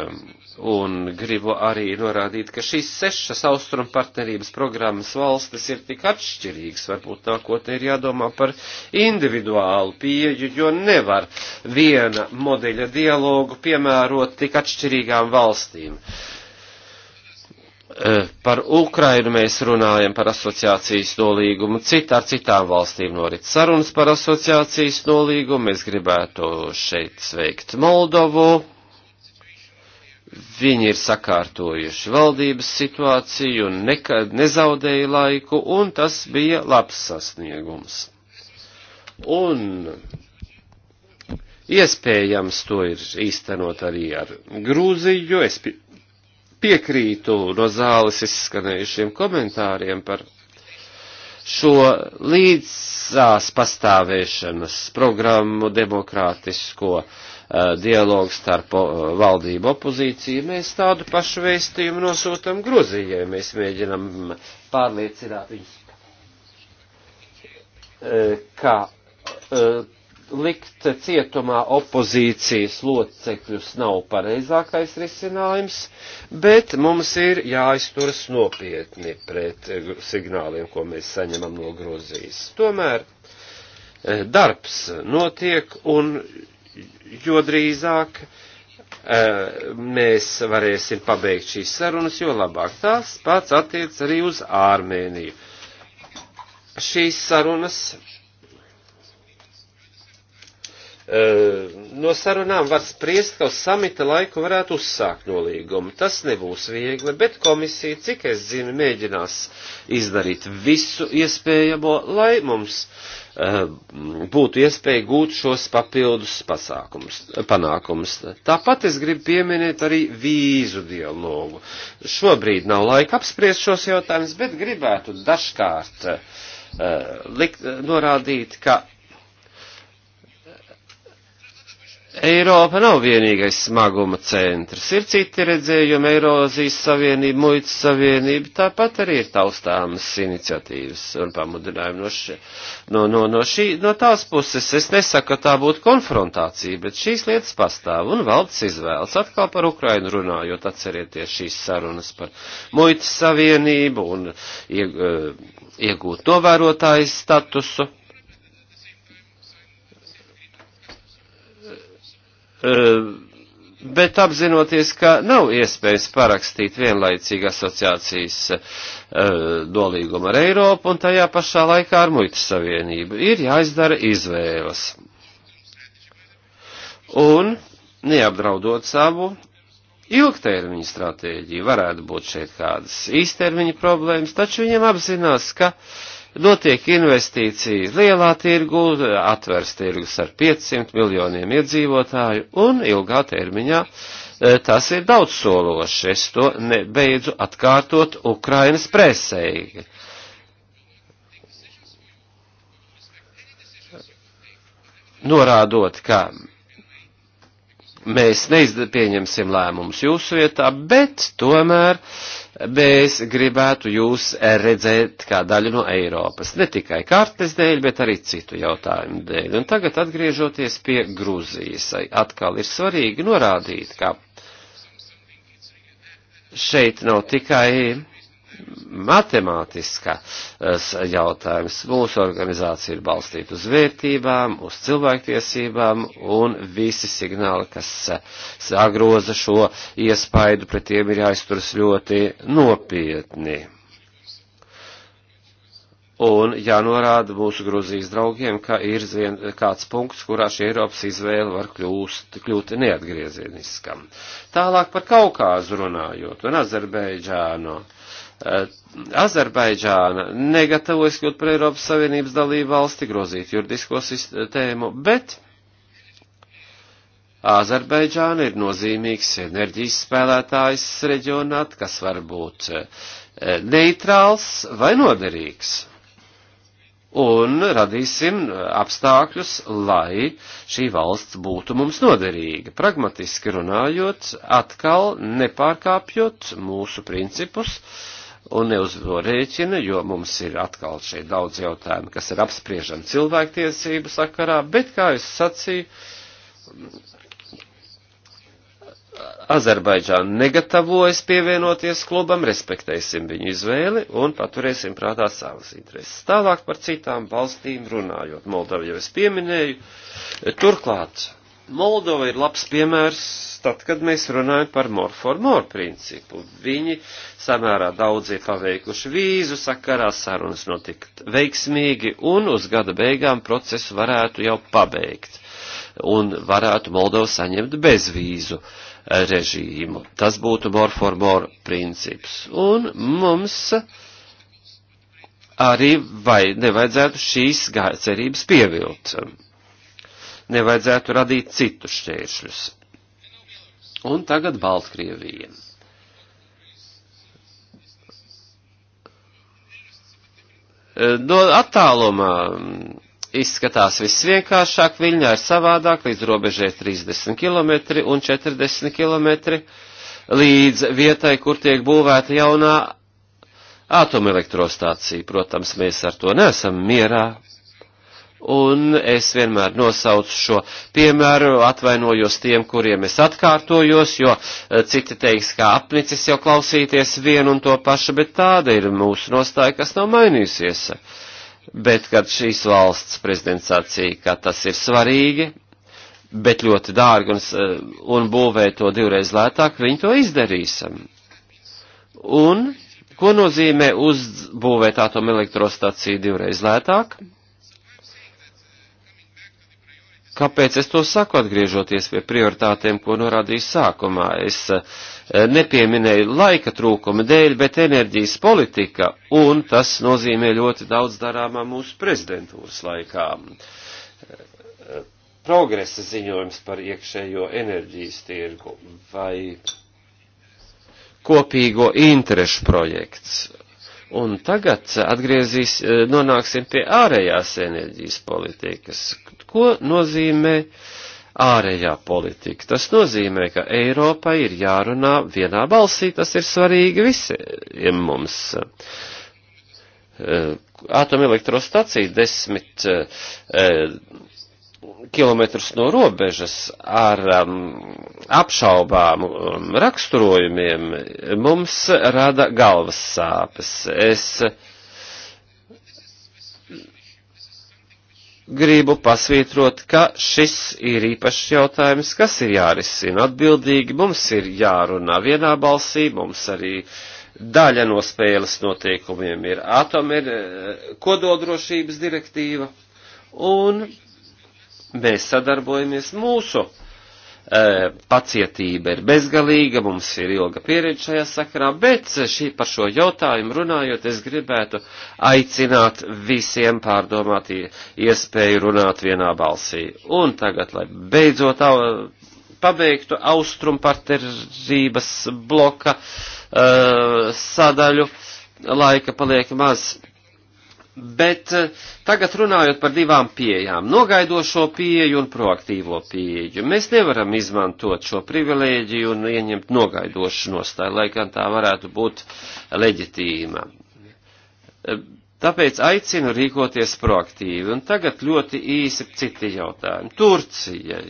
Un gribu arī norādīt, ka šīs sešas austrumu partnerības programmas valstis ir tik atšķirīgas, varbūt nākotnē ir jādomā par individuālu pieeju, jo nevar viena modeļa dialogu piemērot tik atšķirīgām valstīm. E, par Ukrainu mēs runājam par asociācijas nolīgumu, cita ar citām valstīm norit sarunas par asociācijas nolīgumu, mēs gribētu šeit sveikt Moldovu, Viņi ir sakārtojuši valdības situāciju un nekad nezaudēja laiku, un tas bija labs sasniegums. Un iespējams to ir īstenot arī ar Grūziju, jo es piekrītu no zāles izskanējušiem komentāriem par šo līdzās pastāvēšanas programmu demokrātisko uh, Eh, dialogu starp eh, valdību opozīciju, mēs tādu pašu vēstījumu nosūtam Gruzijai. Mēs mēģinam pārliecināt viņus, eh, ka likt cietumā opozīcijas locekļus nav pareizākais risinājums, bet mums ir jāizturas nopietni pret signāliem, ko mēs saņemam no Grozijas. Tomēr darbs notiek un jo drīzāk eh, mēs varēsim pabeigt šīs sarunas, jo labāk tās pats attiec arī uz Ārmēniju. Šīs sarunas Eh, no sarunām var spriest, ka uz samita laiku varētu uzsākt nolīgumu. Tas nebūs viegli, bet komisija, cik es zinu, mēģinās izdarīt visu iespējamo, lai mums uh, būtu iespēja gūt šos papildus pasākums, panākums. Tāpat es gribu pieminēt arī vīzu dialogu. Šobrīd nav laika apspriest šos jautājumus, bet gribētu dažkārt uh, likt, norādīt, ka Eiropa nav vienīgais smaguma centrs, ir citi redzējumi, Eirozijas savienība, muitas savienība, tāpat arī ir taustāmas iniciatīvas un pamudinājumi no, še, no, no, no, šī, no tās puses. Es nesaku, ka tā būtu konfrontācija, bet šīs lietas pastāv un valdes izvēles. Atkal par Ukrainu runājot, atcerieties šīs sarunas par muitas savienību un eh, iegūt novērotāju statusu Eh, bet apzinoties, ka nav iespējams parakstīt vienlaicīgi asociācijas dolīgumu eh, ar Eiropu un tajā pašā laikā ar muitas savienību, ir jāizdara izvēles. Un neapdraudot savu ilgtermiņa stratēģiju, varētu būt šeit kādas īstermiņa problēmas, taču viņam apzinās, ka uh, notiek investīcijas lielā tirgu, atvers tirgus ar 500 miljoniem iedzīvotāju, un ilgā termiņā e, tas ir daudz sološi. Es to beidzu atkārtot Ukrainas presēji. Norādot, ka mēs neizpieņemsim lēmumus jūsu vietā, bet tomēr mēs gribētu jūs redzēt kā daļu no Eiropas. Ne tikai kartes dēļ, bet arī citu jautājumu dēļ. Un tagad atgriežoties pie Gruzijas, atkal ir svarīgi norādīt, ka šeit nav tikai matemātiskas jautājums. Mūsu organizācija ir balstīta uz vērtībām, uz cilvēktiesībām un visi signāli, kas sagroza šo iespaidu, pret tiem ir jāizturas ļoti nopietni. Un jānorāda mūsu Gruzijas draugiem, ka ir vien kāds punkts, kurā šī Eiropas izvēle var kļūst, kļūt neatgriezieniskam. Tālāk par Kaukāzu runājot un Azerbeidžānu. No Eh, Azerbaidžāna negatavojas kļūt par Eiropas Savienības dalību valsti, grozīt juridisko sistēmu, bet Azerbaidžāna ir nozīmīgs enerģijas spēlētājs reģionā, kas var būt eh, neitrāls vai noderīgs un radīsim eh, apstākļus, lai šī valsts būtu mums noderīga. Pragmatiski runājot, atkal nepārkāpjot mūsu principus, uh, un ne uz to rēķina, jo mums ir atkal šeit daudz jautājumu, kas ir apspriežami cilvēktiesību sakarā, bet, kā es sacīju, Azerbaidžāna negatavojas pievienoties klubam, respektēsim viņu izvēli un paturēsim prātā savas intereses. Tālāk par citām valstīm runājot, Moldavu jau es pieminēju, turklāt Moldova ir labs piemērs, tad, kad mēs runājam par morformor principu. Viņi samērā daudz ir paveikuši vīzu sakarā, sarunas notikt veiksmīgi, un uz gada beigām procesu varētu jau pabeigt. Un varētu Moldova saņemt bezvīzu eh, režīmu. Tas būtu morformor princips. Un mums arī vai nevajadzētu šīs cerības pievilt nevajadzētu radīt citus šķēršļus. Un tagad Baltkrievija. No attālumā izskatās viss vienkāršāk, Viļņā ir savādāk, līdz robežai 30 km un 40 km līdz vietai, kur tiek būvēta jaunā atomelektrostācija. Protams, mēs ar to nesam mierā, Un es vienmēr nosaucu šo piemēru, atvainojos tiem, kuriem es atkārtojos, jo eh, citi teiks, kā apnicis jau klausīties vienu un to pašu, bet tāda ir mūsu nostāja, kas nav mainījusies. Bet, kad šīs valsts prezidents sacīja, ka tas ir svarīgi, bet ļoti dārgi un, eh, un būvē to divreiz lētāk, viņi to izdarīs. Un ko nozīmē uzbūvēt atom elektrostaciju divreiz lētāk? Kāpēc es to saku atgriežoties pie prioritātēm, ko norādīju sākumā? Es eh, nepieminēju laika trūkuma dēļ, bet enerģijas politika, un tas nozīmē ļoti daudz darāmā mūsu prezidentūras laikā. Eh, progresa ziņojums par iekšējo enerģijas tirgu vai kopīgo interešu projekts. Un tagad atgriezīs, eh, nonāksim pie ārējās enerģijas politikas, ko nozīmē ārējā politika. Tas nozīmē, ka Eiropai ir jārunā vienā balsī, tas ir svarīgi visiem mums. Eh, Atomelektrostacija desmit eh, kilometrus no robežas ar um, apšaubām um, raksturojumiem mums rada galvas sāpes. Es uh, gribu pasvītrot, ka šis ir īpašs jautājums, kas ir jārisina atbildīgi, mums ir jārunā vienā balsī, mums arī daļa no spēles noteikumiem ir atomer eh, kododrošības direktīva, un mēs sadarbojamies mūsu Eh, pacietība ir bezgalīga, mums ir ilga pieredze šajā sakarā, bet šī par šo jautājumu runājot, es gribētu aicināt visiem pārdomāt iespēju runāt vienā balsī. Un tagad, lai beidzot pabeigtu austrumpartnerības bloka uh, sadaļu, laika paliek maz. Bet eh, tagad runājot par divām pieejām - nogaidošo pieeju un proaktīvo pieeju. Mēs nevaram izmantot šo privilēģiju un ieņemt nogaidošu nostāju, lai gan tā varētu būt leģitīma. Eh, tāpēc aicinu rīkoties proaktīvi. Un tagad ļoti īsi citi jautājumi. Turcija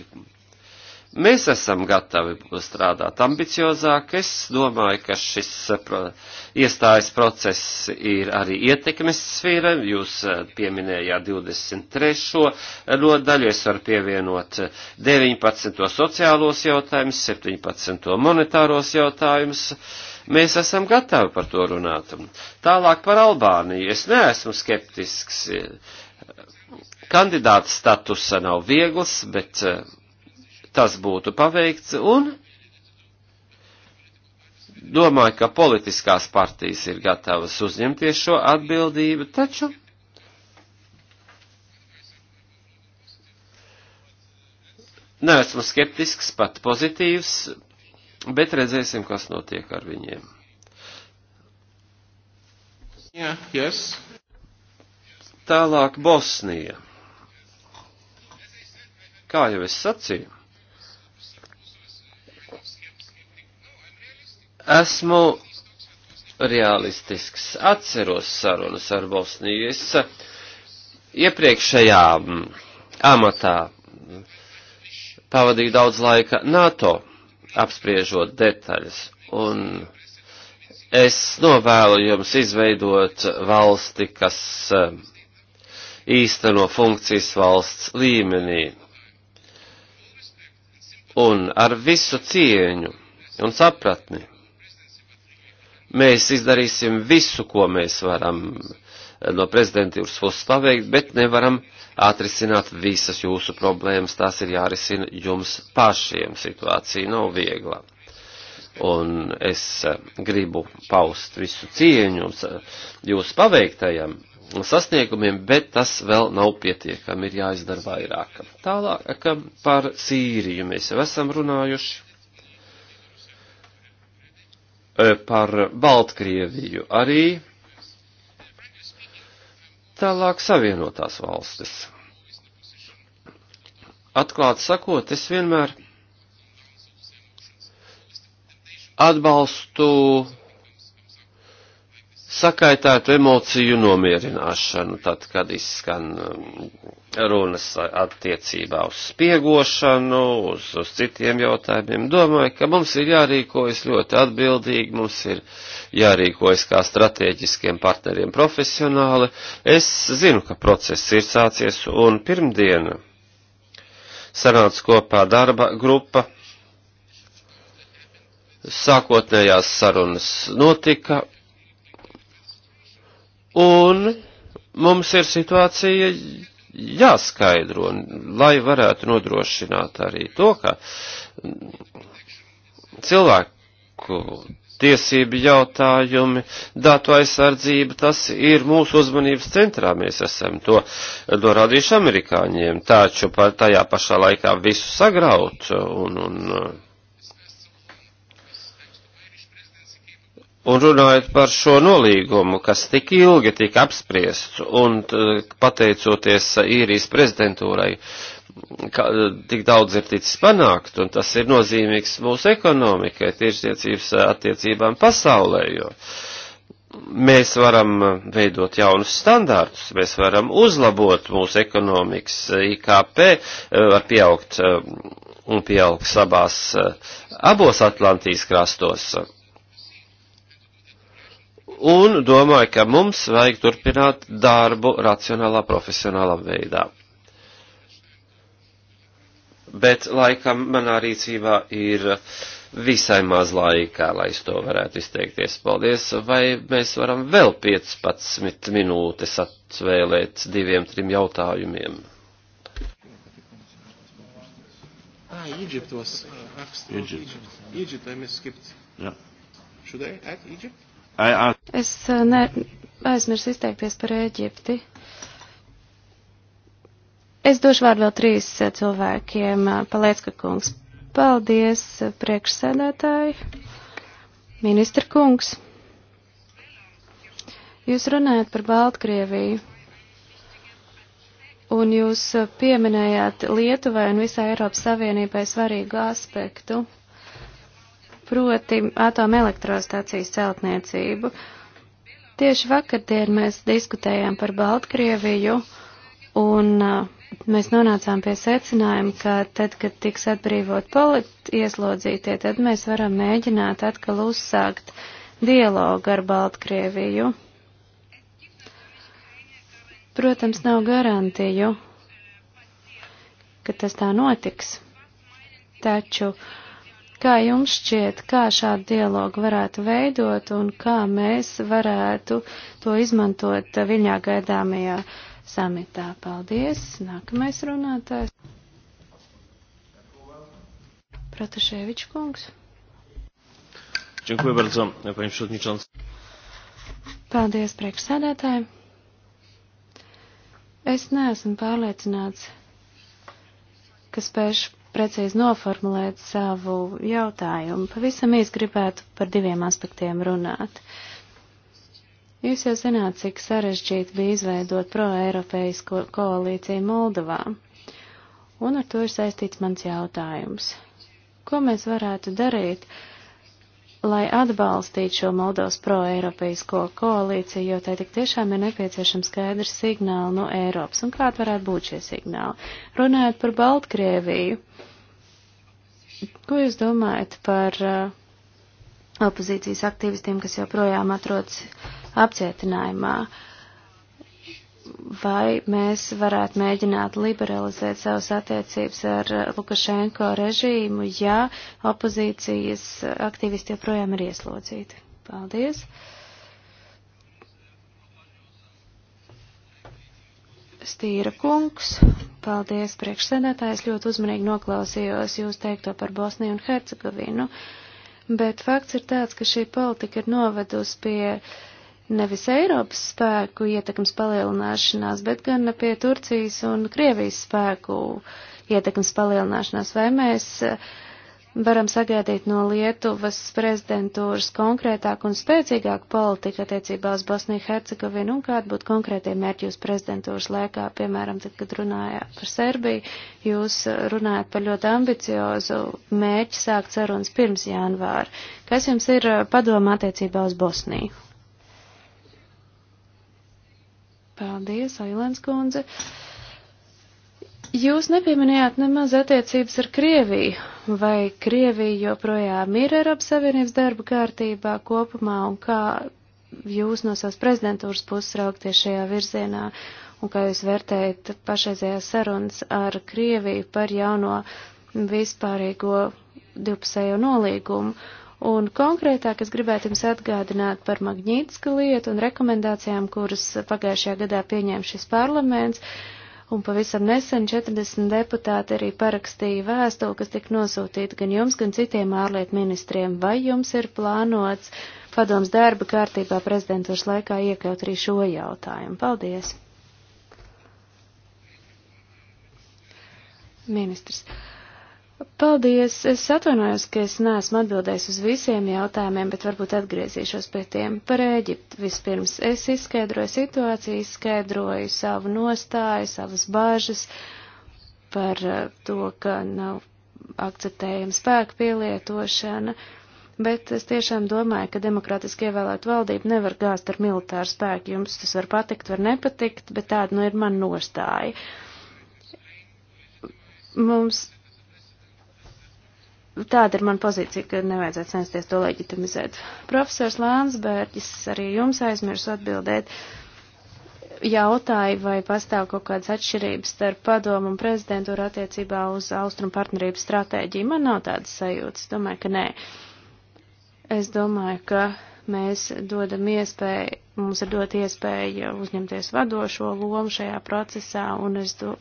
Mēs esam gatavi strādāt ambiciozāk. Es domāju, ka šis pro, iestājas process ir arī ietekmes sfīra. Jūs eh, pieminējāt 23. Eh, nodaļu, es varu pievienot 19. Eh, sociālos jautājumus, 17. monetāros jautājumus. Mēs esam gatavi par to runāt. Tālāk par Albāniju. Es neesmu skeptisks. Kandidāta statusa nav viegls, bet tas būtu paveikts, un domāju, ka politiskās partijas ir gatavas uzņemties šo atbildību, taču neesmu skeptisks, pat pozitīvs, bet redzēsim, kas notiek ar viņiem. Jā, yeah, yes. Tālāk Bosnija. Kā jau es sacīju, Esmu realistisks, atceros sarunas ar Bosniju. Es iepriekšējā mm, amatā pavadīju daudz laika NATO apspriežot detaļas, un es novēlu jums izveidot valsti, kas mm, īsteno funkcijas valsts līmenī. Un ar visu cieņu un sapratni Mēs izdarīsim visu, ko mēs varam no prezidentūras puses paveikt, bet nevaram atrisināt visas jūsu problēmas. Tās ir jārisina jums pašiem. Situācija nav viegla. Un es eh, gribu paust visu cieņu eh, jūsu paveiktajam, sasniegumiem, bet tas vēl nav pietiekami, ir jāizdara vairāk. Tālāk eh, par Sīriju mēs jau esam runājuši. Eh, par Baltkrieviju arī tālāk savienotās valstis. Atklāt sakot, es vienmēr atbalstu sakaitētu emociju nomierināšanu, tad, kad izskan um, runas attiecībā uz spiegošanu, uz, uz citiem jautājumiem. Domāju, ka mums ir jārīkojas ļoti atbildīgi, mums ir jārīkojas kā strateģiskiem partneriem profesionāli. Es zinu, ka process ir sācies un pirmdiena sanāca kopā darba grupa. Sākotnējās sarunas notika, Un mums ir situācija jāskaidro, lai varētu nodrošināt arī to, ka cilvēku tiesību jautājumi, datu aizsardzība, tas ir mūsu uzmanības centrā, mēs esam to norādījuši amerikāņiem, taču par tajā pašā laikā visu sagraut un, un Un runājot par šo nolīgumu, kas tik ilgi tika apspriests un pateicoties īrijas prezidentūrai, ka, tik daudz ir ticis panākt, un tas ir nozīmīgs mūsu ekonomikai, tiešniecības attiecībām pasaulē, jo mēs varam veidot jaunus standārtus, mēs varam uzlabot mūsu ekonomikas IKP, var pieaugt un pieaugs abās, abos Atlantijas krastos un domāju, ka mums vajag turpināt darbu racionālā, profesionālā veidā. Bet laikam manā rīcībā ir visai maz laika, lai es to varētu izteikties. Paldies, vai mēs varam vēl 15 minūtes atvēlēt diviem, trim jautājumiem? Ah, Egypt was uh, asked. Egypt. Egypt. Egypt, I misskipped. Yeah. Should I add Egypt? Es uh, ne, aizmirsu izteikties par Ēģipti. Es došu vārdu vēl trīs uh, cilvēkiem. Uh, Paliecka kungs. Paldies, priekšsēdētāji. Ministra kungs. Jūs runājat par Baltkrieviju. Un jūs pieminējāt Lietuvai un visai Eiropas Savienībai svarīgu aspektu proti atomelektrostācijas celtniecību. Tieši vakardien mēs diskutējām par Baltkrieviju un uh, mēs nonācām pie secinājuma, ka tad, kad tiks atbrīvot politi ieslodzītie, tad mēs varam mēģināt atkal uzsākt dialogu ar Baltkrieviju. Protams, nav garantiju, ka tas tā notiks, taču uh, Kā jums šķiet, kā šādu dialogu varētu veidot un kā mēs varētu to izmantot viņā gaidāmajā samitā? Paldies! Nākamais runātājs. Prataševičs kungs. Dziękuję bardzo, panie przewodniczący. Paldies, priekšsēdētāji. Es neesmu pārliecināts, ka spēšu precīzi noformulēt savu jautājumu. Pavisam īsti gribētu par diviem aspektiem runāt. Jūs jau zināt, cik sarežģīti bija izveidot pro-eiropeisko koalīciju Moldovā. Un ar to ir saistīts mans jautājums. Ko mēs varētu darīt? Uh, lai atbalstītu šo Moldovas pro-eiropeisko koalīciju, jo tai tik tiešām ir nepieciešams skaidrs signāli no Eiropas. Un kāda varētu būt šie signāli? Runājot par Baltkrieviju, ko jūs domājat par uh, opozīcijas aktīvistiem, kas joprojām atrodas apcietinājumā? Uh, vai mēs varētu mēģināt liberalizēt savas attiecības ar eh, Lukašenko režīmu, ja opozīcijas aktīvisti joprojām ir ieslodzīti. Paldies! Stīra kungs, paldies priekšsēdētājs, ļoti uzmanīgi noklausījos jūs teikto par Bosniju un Hercegovinu, bet fakts ir tāds, ka šī politika ir novedusi pie uh, nevis Eiropas spēku ietekmes palielināšanās, bet gan pie Turcijas un Krievijas spēku ietekmes palielināšanās. Vai mēs eh, varam sagaidīt no Lietuvas prezidentūras konkrētāku un spēcīgāku politiku attiecībā uz Bosniju Hercegovinu un kāda būtu konkrētie mērķi jūs prezidentūras laikā, piemēram, tad, kad runājāt par Serbiju, jūs runājat par ļoti ambiciozu mērķi sākt sarunas pirms janvāra. Kas jums ir eh, padomā attiecībā uz Bosniju? Paldies, Ailēns kundze. Jūs nepieminējāt nemaz attiecības ar Krieviju. Vai Krievija joprojām ir Eiropas Savienības darba kārtībā kopumā un kā jūs no savas prezidentūras puses raugties šajā virzienā un kā jūs vērtējat pašreizējās sarunas ar Krieviju par jauno vispārīgo divpusējo nolīgumu Un konkrētāk es gribētu jums atgādināt par Magnītiska lietu un rekomendācijām, kuras pagājušajā gadā pieņēma šis parlaments. Un pavisam nesen 40 deputāti arī parakstīja vēstuli, kas tika nosūtīta gan jums, gan citiem ārlietu ministriem. Vai jums ir plānots padoms darba kārtībā prezidentūras laikā iekļaut arī šo jautājumu? Paldies! Ministrs. Uh, Paldies! Es atvainojos, ka es neesmu atbildējis uz visiem jautājumiem, bet varbūt atgriezīšos pie tiem. Par Ēģiptu vispirms. Es izskaidroju situāciju, izskaidroju savu nostāju, savas bažas par eh, to, ka nav akceptējama spēka pielietošana, bet es tiešām domāju, ka demokrātiski ievēlēt valdību nevar gāzt ar militāru spēku. Jums tas var patikt, var nepatikt, bet tāda nu ir man nostāja. Mums Tāda ir mana pozīcija, ka nevajadzētu censties to leģitimizēt. Profesors Lānsbērģis arī jums aizmirsu atbildēt. Jautāju, vai pastāv kaut kādas atšķirības starp padomu un prezidentūru attiecībā uz austrumu partnerības stratēģiju. Man nav tādas sajūtas. Domāju, ka nē. Es domāju, ka mēs dodam iespēju, mums ir dot iespēju uzņemties vadošo lomu šajā procesā, un es do,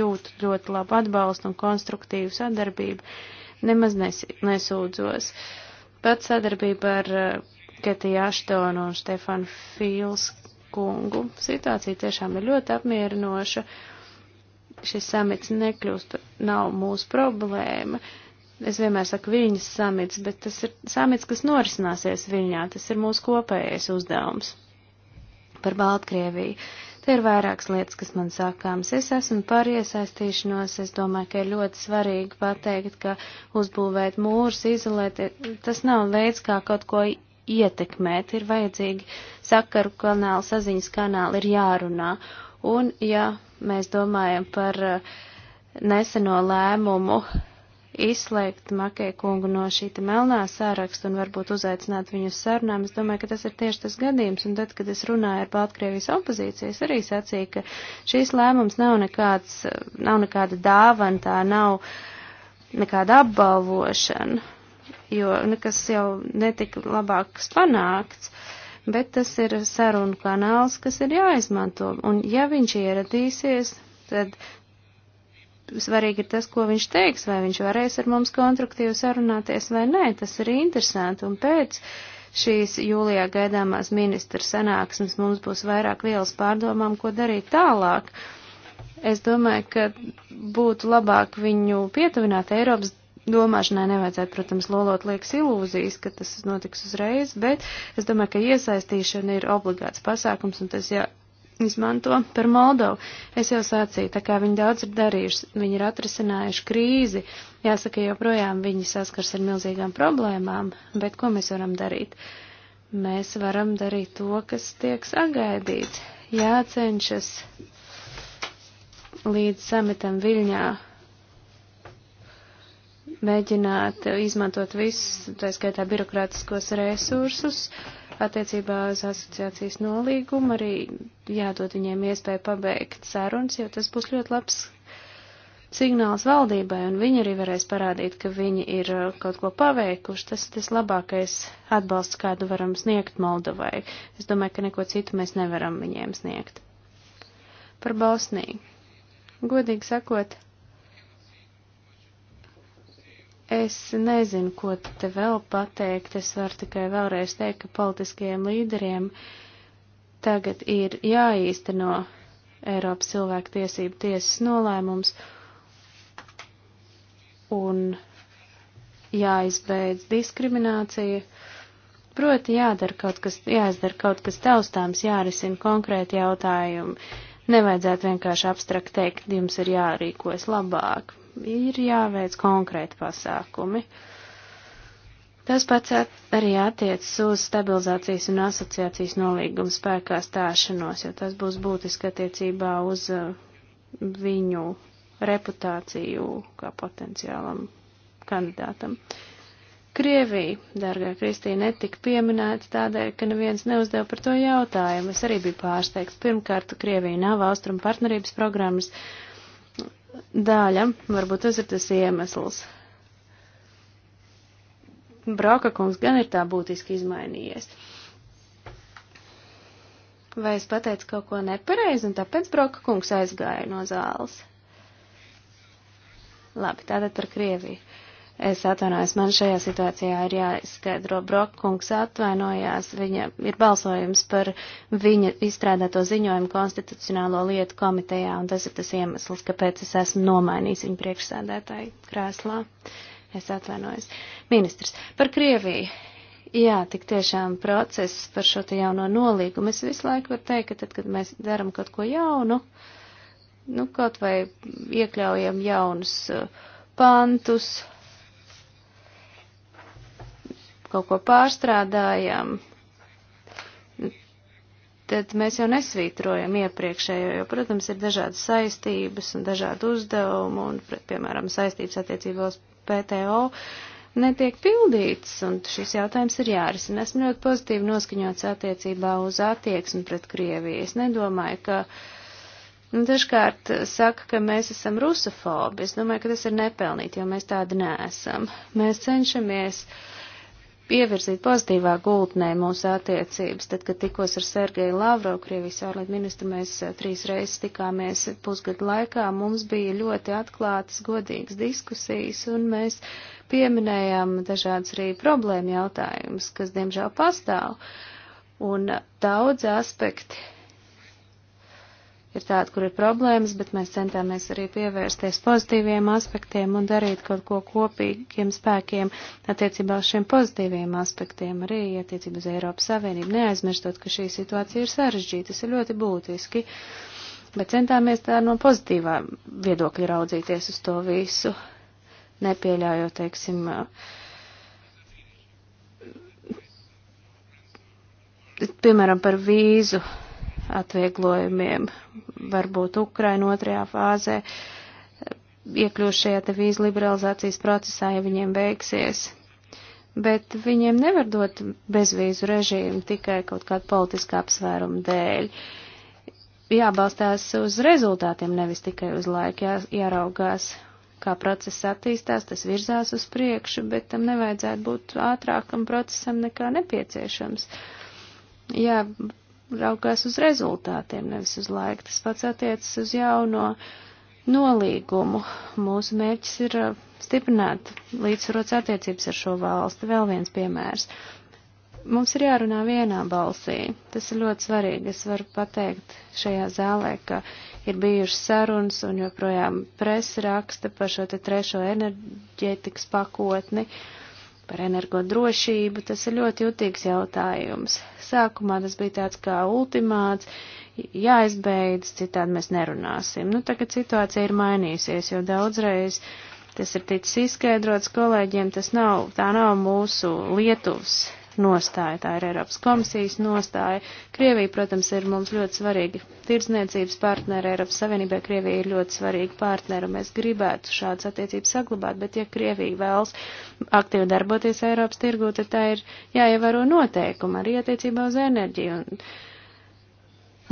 jūtu ļoti labu atbalstu un konstruktīvu sadarbību. Uh, nemaz nes, nesūdzos. Pat sadarbība ar eh, Ketiju Aštonu un Stefanu Fīls kungu situācija tiešām ir ļoti apmierinoša. Šis samits nekļūst, nav mūsu problēma. Es vienmēr saku viņas samits, bet tas ir samits, kas norisināsies viņā. Tas ir mūsu kopējais uzdevums par Baltkrieviju. Te ir vairākas lietas, kas man sākāms. Es esmu par iesaistīšanos, es domāju, ka ir ļoti svarīgi pateikt, ka uzbūvēt mūrus, izolēt, tas nav veids, kā kaut ko ietekmēt, ir vajadzīgi sakaru kanāli, saziņas kanāli, ir jārunā. Un, ja mēs domājam par uh, neseno lēmumu izslēgt Makēju kungu no šī melnā sāraksta un varbūt uzaicināt viņu uz sarunām. Es domāju, ka tas ir tieši tas gadījums, un tad, kad es runāju ar Baltkrievijas opozīcijas, arī sacīja, ka šīs lēmums nav nekāds, nav nekāda dāvana, tā nav nekāda apbalvošana, jo nekas jau netika labāks panākts. Bet tas ir sarunu kanāls, kas ir jāizmanto, un ja viņš ieradīsies, tad svarīgi ir tas, ko viņš teiks, vai viņš varēs ar mums kontraktīvi sarunāties vai nē. Tas ir interesanti. Un pēc šīs jūlijā gaidāmās ministra sanāksmes mums būs vairāk vielas pārdomām, ko darīt tālāk. Es domāju, ka būtu labāk viņu pietuvināt Eiropas domāšanai. Nevajadzētu, protams, lolot liekas ilūzijas, ka tas notiks uzreiz, bet es domāju, ka iesaistīšana ir obligāts pasākums un tas jā. Ja izmanto par Moldovu. Es jau sacīju, tā kā viņi daudz ir darījuši, viņi ir atrisinājuši krīzi, jāsaka, joprojām viņi saskars ar milzīgām problēmām, bet ko mēs varam darīt? Mēs varam darīt to, kas tiek sagaidīts, jācenšas līdz sametam Viļņā mēģināt izmantot visus, tā skaitā birokrātiskos resursus attiecībā uz asociācijas nolīgumu, arī jādod viņiem iespēju pabeigt sarunas, jo tas būs ļoti labs signāls valdībai, un viņi arī varēs parādīt, ka viņi ir kaut ko paveikuši. Tas ir tas labākais atbalsts, kādu varam sniegt Moldovai. Es domāju, ka neko citu mēs nevaram viņiem sniegt. Par Bosniju. Godīgi sakot, Es nezinu, ko te vēl pateikt. Es varu tikai vēlreiz teikt, ka politiskajiem līderiem tagad ir jāīsteno Eiropas cilvēku tiesību tiesas nolēmums un jāizbeidz diskriminācija. Proti jādara kaut kas, jāizdara kaut kas taustāms, jārisina konkrēti jautājumi. Nevajadzētu vienkārši abstrakt teikt, jums ir jārīkojas labāk ir jāveic konkrēti pasākumi. Tas pats arī attiecas uz stabilizācijas un asociācijas nolīgumu spēkā stāšanos, jo tas būs būtiski attiecībā uz uh, viņu reputāciju kā potenciālam kandidātam. Krievija, dārgā Kristīna, netika pieminēta tādēļ, ka neviens neuzdeva par to jautājumu. Es arī biju pārsteigts. Pirmkārt, Krievija nav austrumu partnerības programmas, daļa. Varbūt tas ir tas iemesls. Brauka kungs gan ir tā būtiski izmainījies. Vai es pateicu kaut ko nepareizi, un tāpēc Brauka kungs aizgāja no zāles? Labi, tātad par Krieviju. Es atvainojos, man šajā situācijā ir jāizskaidro, Brokkungs atvainojās, viņa ir balsojums par viņa izstrādāto ziņojumu konstitucionālo lietu komitejā, un tas ir tas iemesls, kāpēc es esmu nomainījis viņu priekšsēdētāju krēslā. Es atvainojos. Ministrs, par Krieviju. Jā, tik tiešām process par šo te jauno nolīgumu. Es visu laiku varu teikt, ka tad, kad mēs daram kaut ko jaunu, nu, kaut vai iekļaujam jaunus uh, pantus, kaut ko pārstrādājam, tad mēs jau nesvītrojam iepriekšējo, jo, protams, ir dažādas saistības un dažādi uzdevumi, un, piemēram, saistības attiecībā uz PTO netiek pildītas, un šis jautājums ir jārisina. Esmu ļoti pozitīvi noskaņots attiecībā uz attieksmi pret Krieviju. Es nedomāju, ka. Nu, dažkārt saka, ka mēs esam rusofobi. Es domāju, ka tas ir nepelnīti, jo mēs tādi neesam. Mēs cenšamies uh, pievirzīt pozitīvā gultnē mūsu attiecības. Tad, kad tikos ar Sergeju Lavrovu, Krievijas ārlietu ministru, mēs eh, trīs reizes tikāmies pusgadu laikā, mums bija ļoti atklātas, godīgas diskusijas, un mēs pieminējām dažādas arī problēma jautājumus, kas, diemžēl, pastāv. Un daudz aspekti ir tāda, kur ir problēmas, bet mēs centāmies arī pievērsties pozitīviem aspektiem un darīt kaut ko kopīgiem spēkiem attiecībā uz šiem pozitīviem aspektiem, arī attiecībā uz Eiropas Savienību, neaizmirstot, ka šī situācija ir sarežģīta, tas ir ļoti būtiski, bet centāmies tā no pozitīvā viedokļa raudzīties uz to visu, nepieļaujot, teiksim, piemēram, par vīzu atvieglojumiem, varbūt Ukraina otrajā fāzē, iekļūst šajā te vīzu liberalizācijas procesā, ja viņiem veiksies. Bet viņiem nevar dot bezvīzu režīmu tikai kaut kāda politiskā apsvēruma dēļ. Jābalstās uz rezultātiem, nevis tikai uz laiku, jā, jāraugās, kā process attīstās, tas virzās uz priekšu, bet tam nevajadzētu būt ātrākam procesam nekā nepieciešams. Jā, raugās uz rezultātiem, nevis uz laiku. Tas pats attiecas uz jauno nolīgumu. Mūsu mērķis ir uh, stiprināt līdzsvarots attiecības ar šo valsti. Vēl viens piemērs. Mums ir jārunā vienā balsī. Tas ir ļoti svarīgi. Es varu pateikt šajā zālē, ka ir bijušas sarunas un joprojām presa raksta par šo te trešo enerģētikas pakotni. Uh, par energodrošību, tas ir ļoti jutīgs jautājums. Sākumā tas bija tāds kā ultimāts, jāizbeidz, citādi mēs nerunāsim. Nu, tagad situācija ir mainīsies, jo daudzreiz tas ir ticis izskaidrots kolēģiem, tas nav, tā nav mūsu Lietuvas nostāja, tā ir Eiropas komisijas nostāja. Krievija, protams, ir mums ļoti svarīga tirdzniecības partneri, Eiropas Savienībai Krievija ir ļoti svarīga partneri, un mēs gribētu šādas attiecības saglabāt, bet ja Krievija vēlas aktīvi darboties Eiropas tirgū, tad tā ir jāievēro noteikumi arī attiecībā uz enerģiju. Un,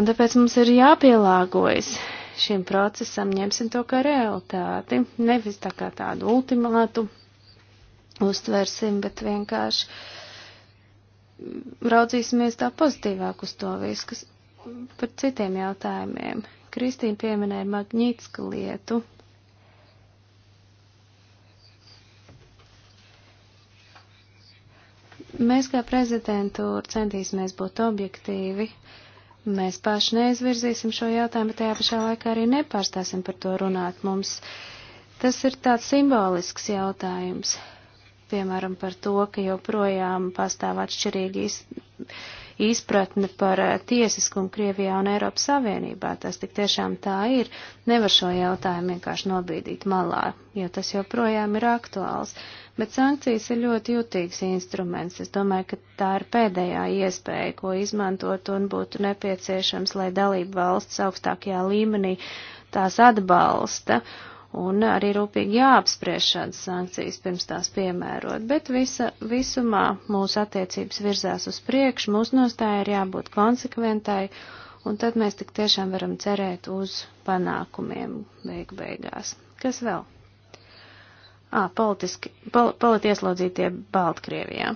un tāpēc mums ir jāpielāgojas šim procesam, ņemsim to kā realitāti, nevis tā kā tādu ultimātu uztversim, bet vienkārši raudzīsimies tā pozitīvāk uz to visu, kas par citiem jautājumiem. Kristīna pieminēja Magnītiska lietu. Mēs kā prezidentūra centīsimies būt objektīvi. Mēs paši neizvirzīsim šo jautājumu, bet tajā pašā laikā arī nepārstāsim par to runāt. Mums tas ir tāds simbolisks jautājums piemēram, par to, ka joprojām pastāv atšķirīgi iz, izpratne par eh, tiesiskumu Krievijā un Eiropas Savienībā. Tas tik tiešām tā ir. Nevar šo jautājumu vienkārši nobīdīt malā, jo tas joprojām ir aktuāls. Bet sankcijas ir ļoti jutīgs instruments. Es domāju, ka tā ir pēdējā iespēja, ko izmantot un būtu nepieciešams, lai dalību valsts augstākajā līmenī tās atbalsta. Uh, un arī rūpīgi jāapspriež šādas sankcijas pirms tās piemērot, bet visa, visumā mūsu attiecības virzās uz priekšu, mūsu nostāja ir jābūt konsekventai, un tad mēs tik tiešām varam cerēt uz panākumiem beig beigās. Kas vēl? Ā, politiski, pol, politieslodzītie Baltkrievijā.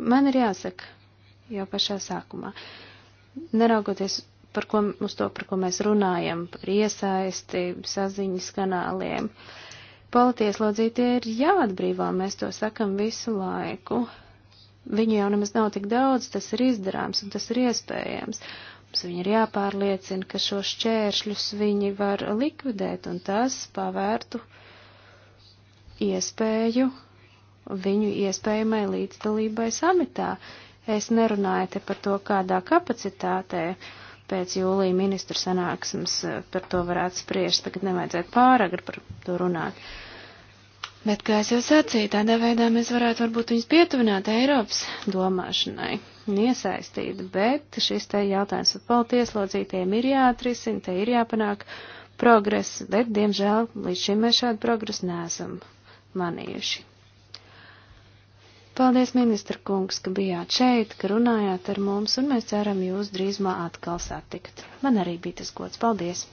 Man ir jāsaka jau pašā sākumā, neraugoties par ko, uz to, par ko mēs runājam, par iesaisti, saziņas kanāliem. Politieslodzītie ir jāatbrīvā, mēs to sakam visu laiku. Viņu jau nemaz nav tik daudz, tas ir izdarāms un tas ir iespējams. Mums viņi ir jāpārliecina, ka šos šķēršļus viņi var likvidēt, un tas pavērtu iespēju viņu iespējamai līdzdalībai samitā. Es nerunāju te par to, kādā kapacitātē uh, pēc jūlija ministra sanāksmes eh, par to varētu spriest, tagad nevajadzētu pāragri par to runāt. Bet, kā es jau sacīju, tādā veidā mēs varētu varbūt viņus pietuvināt Eiropas domāšanai un iesaistīt, bet šis te jautājums par politieslodzītiem ir jāatrisina, te ir jāpanāk progress, bet, diemžēl, līdz šim mēs šādu progresu neesam manījuši. Paldies, ministra kungs, ka bijāt šeit, ka runājāt ar mums, un mēs ceram jūs drīzumā atkal satikt. Man arī bija tas gods. Paldies!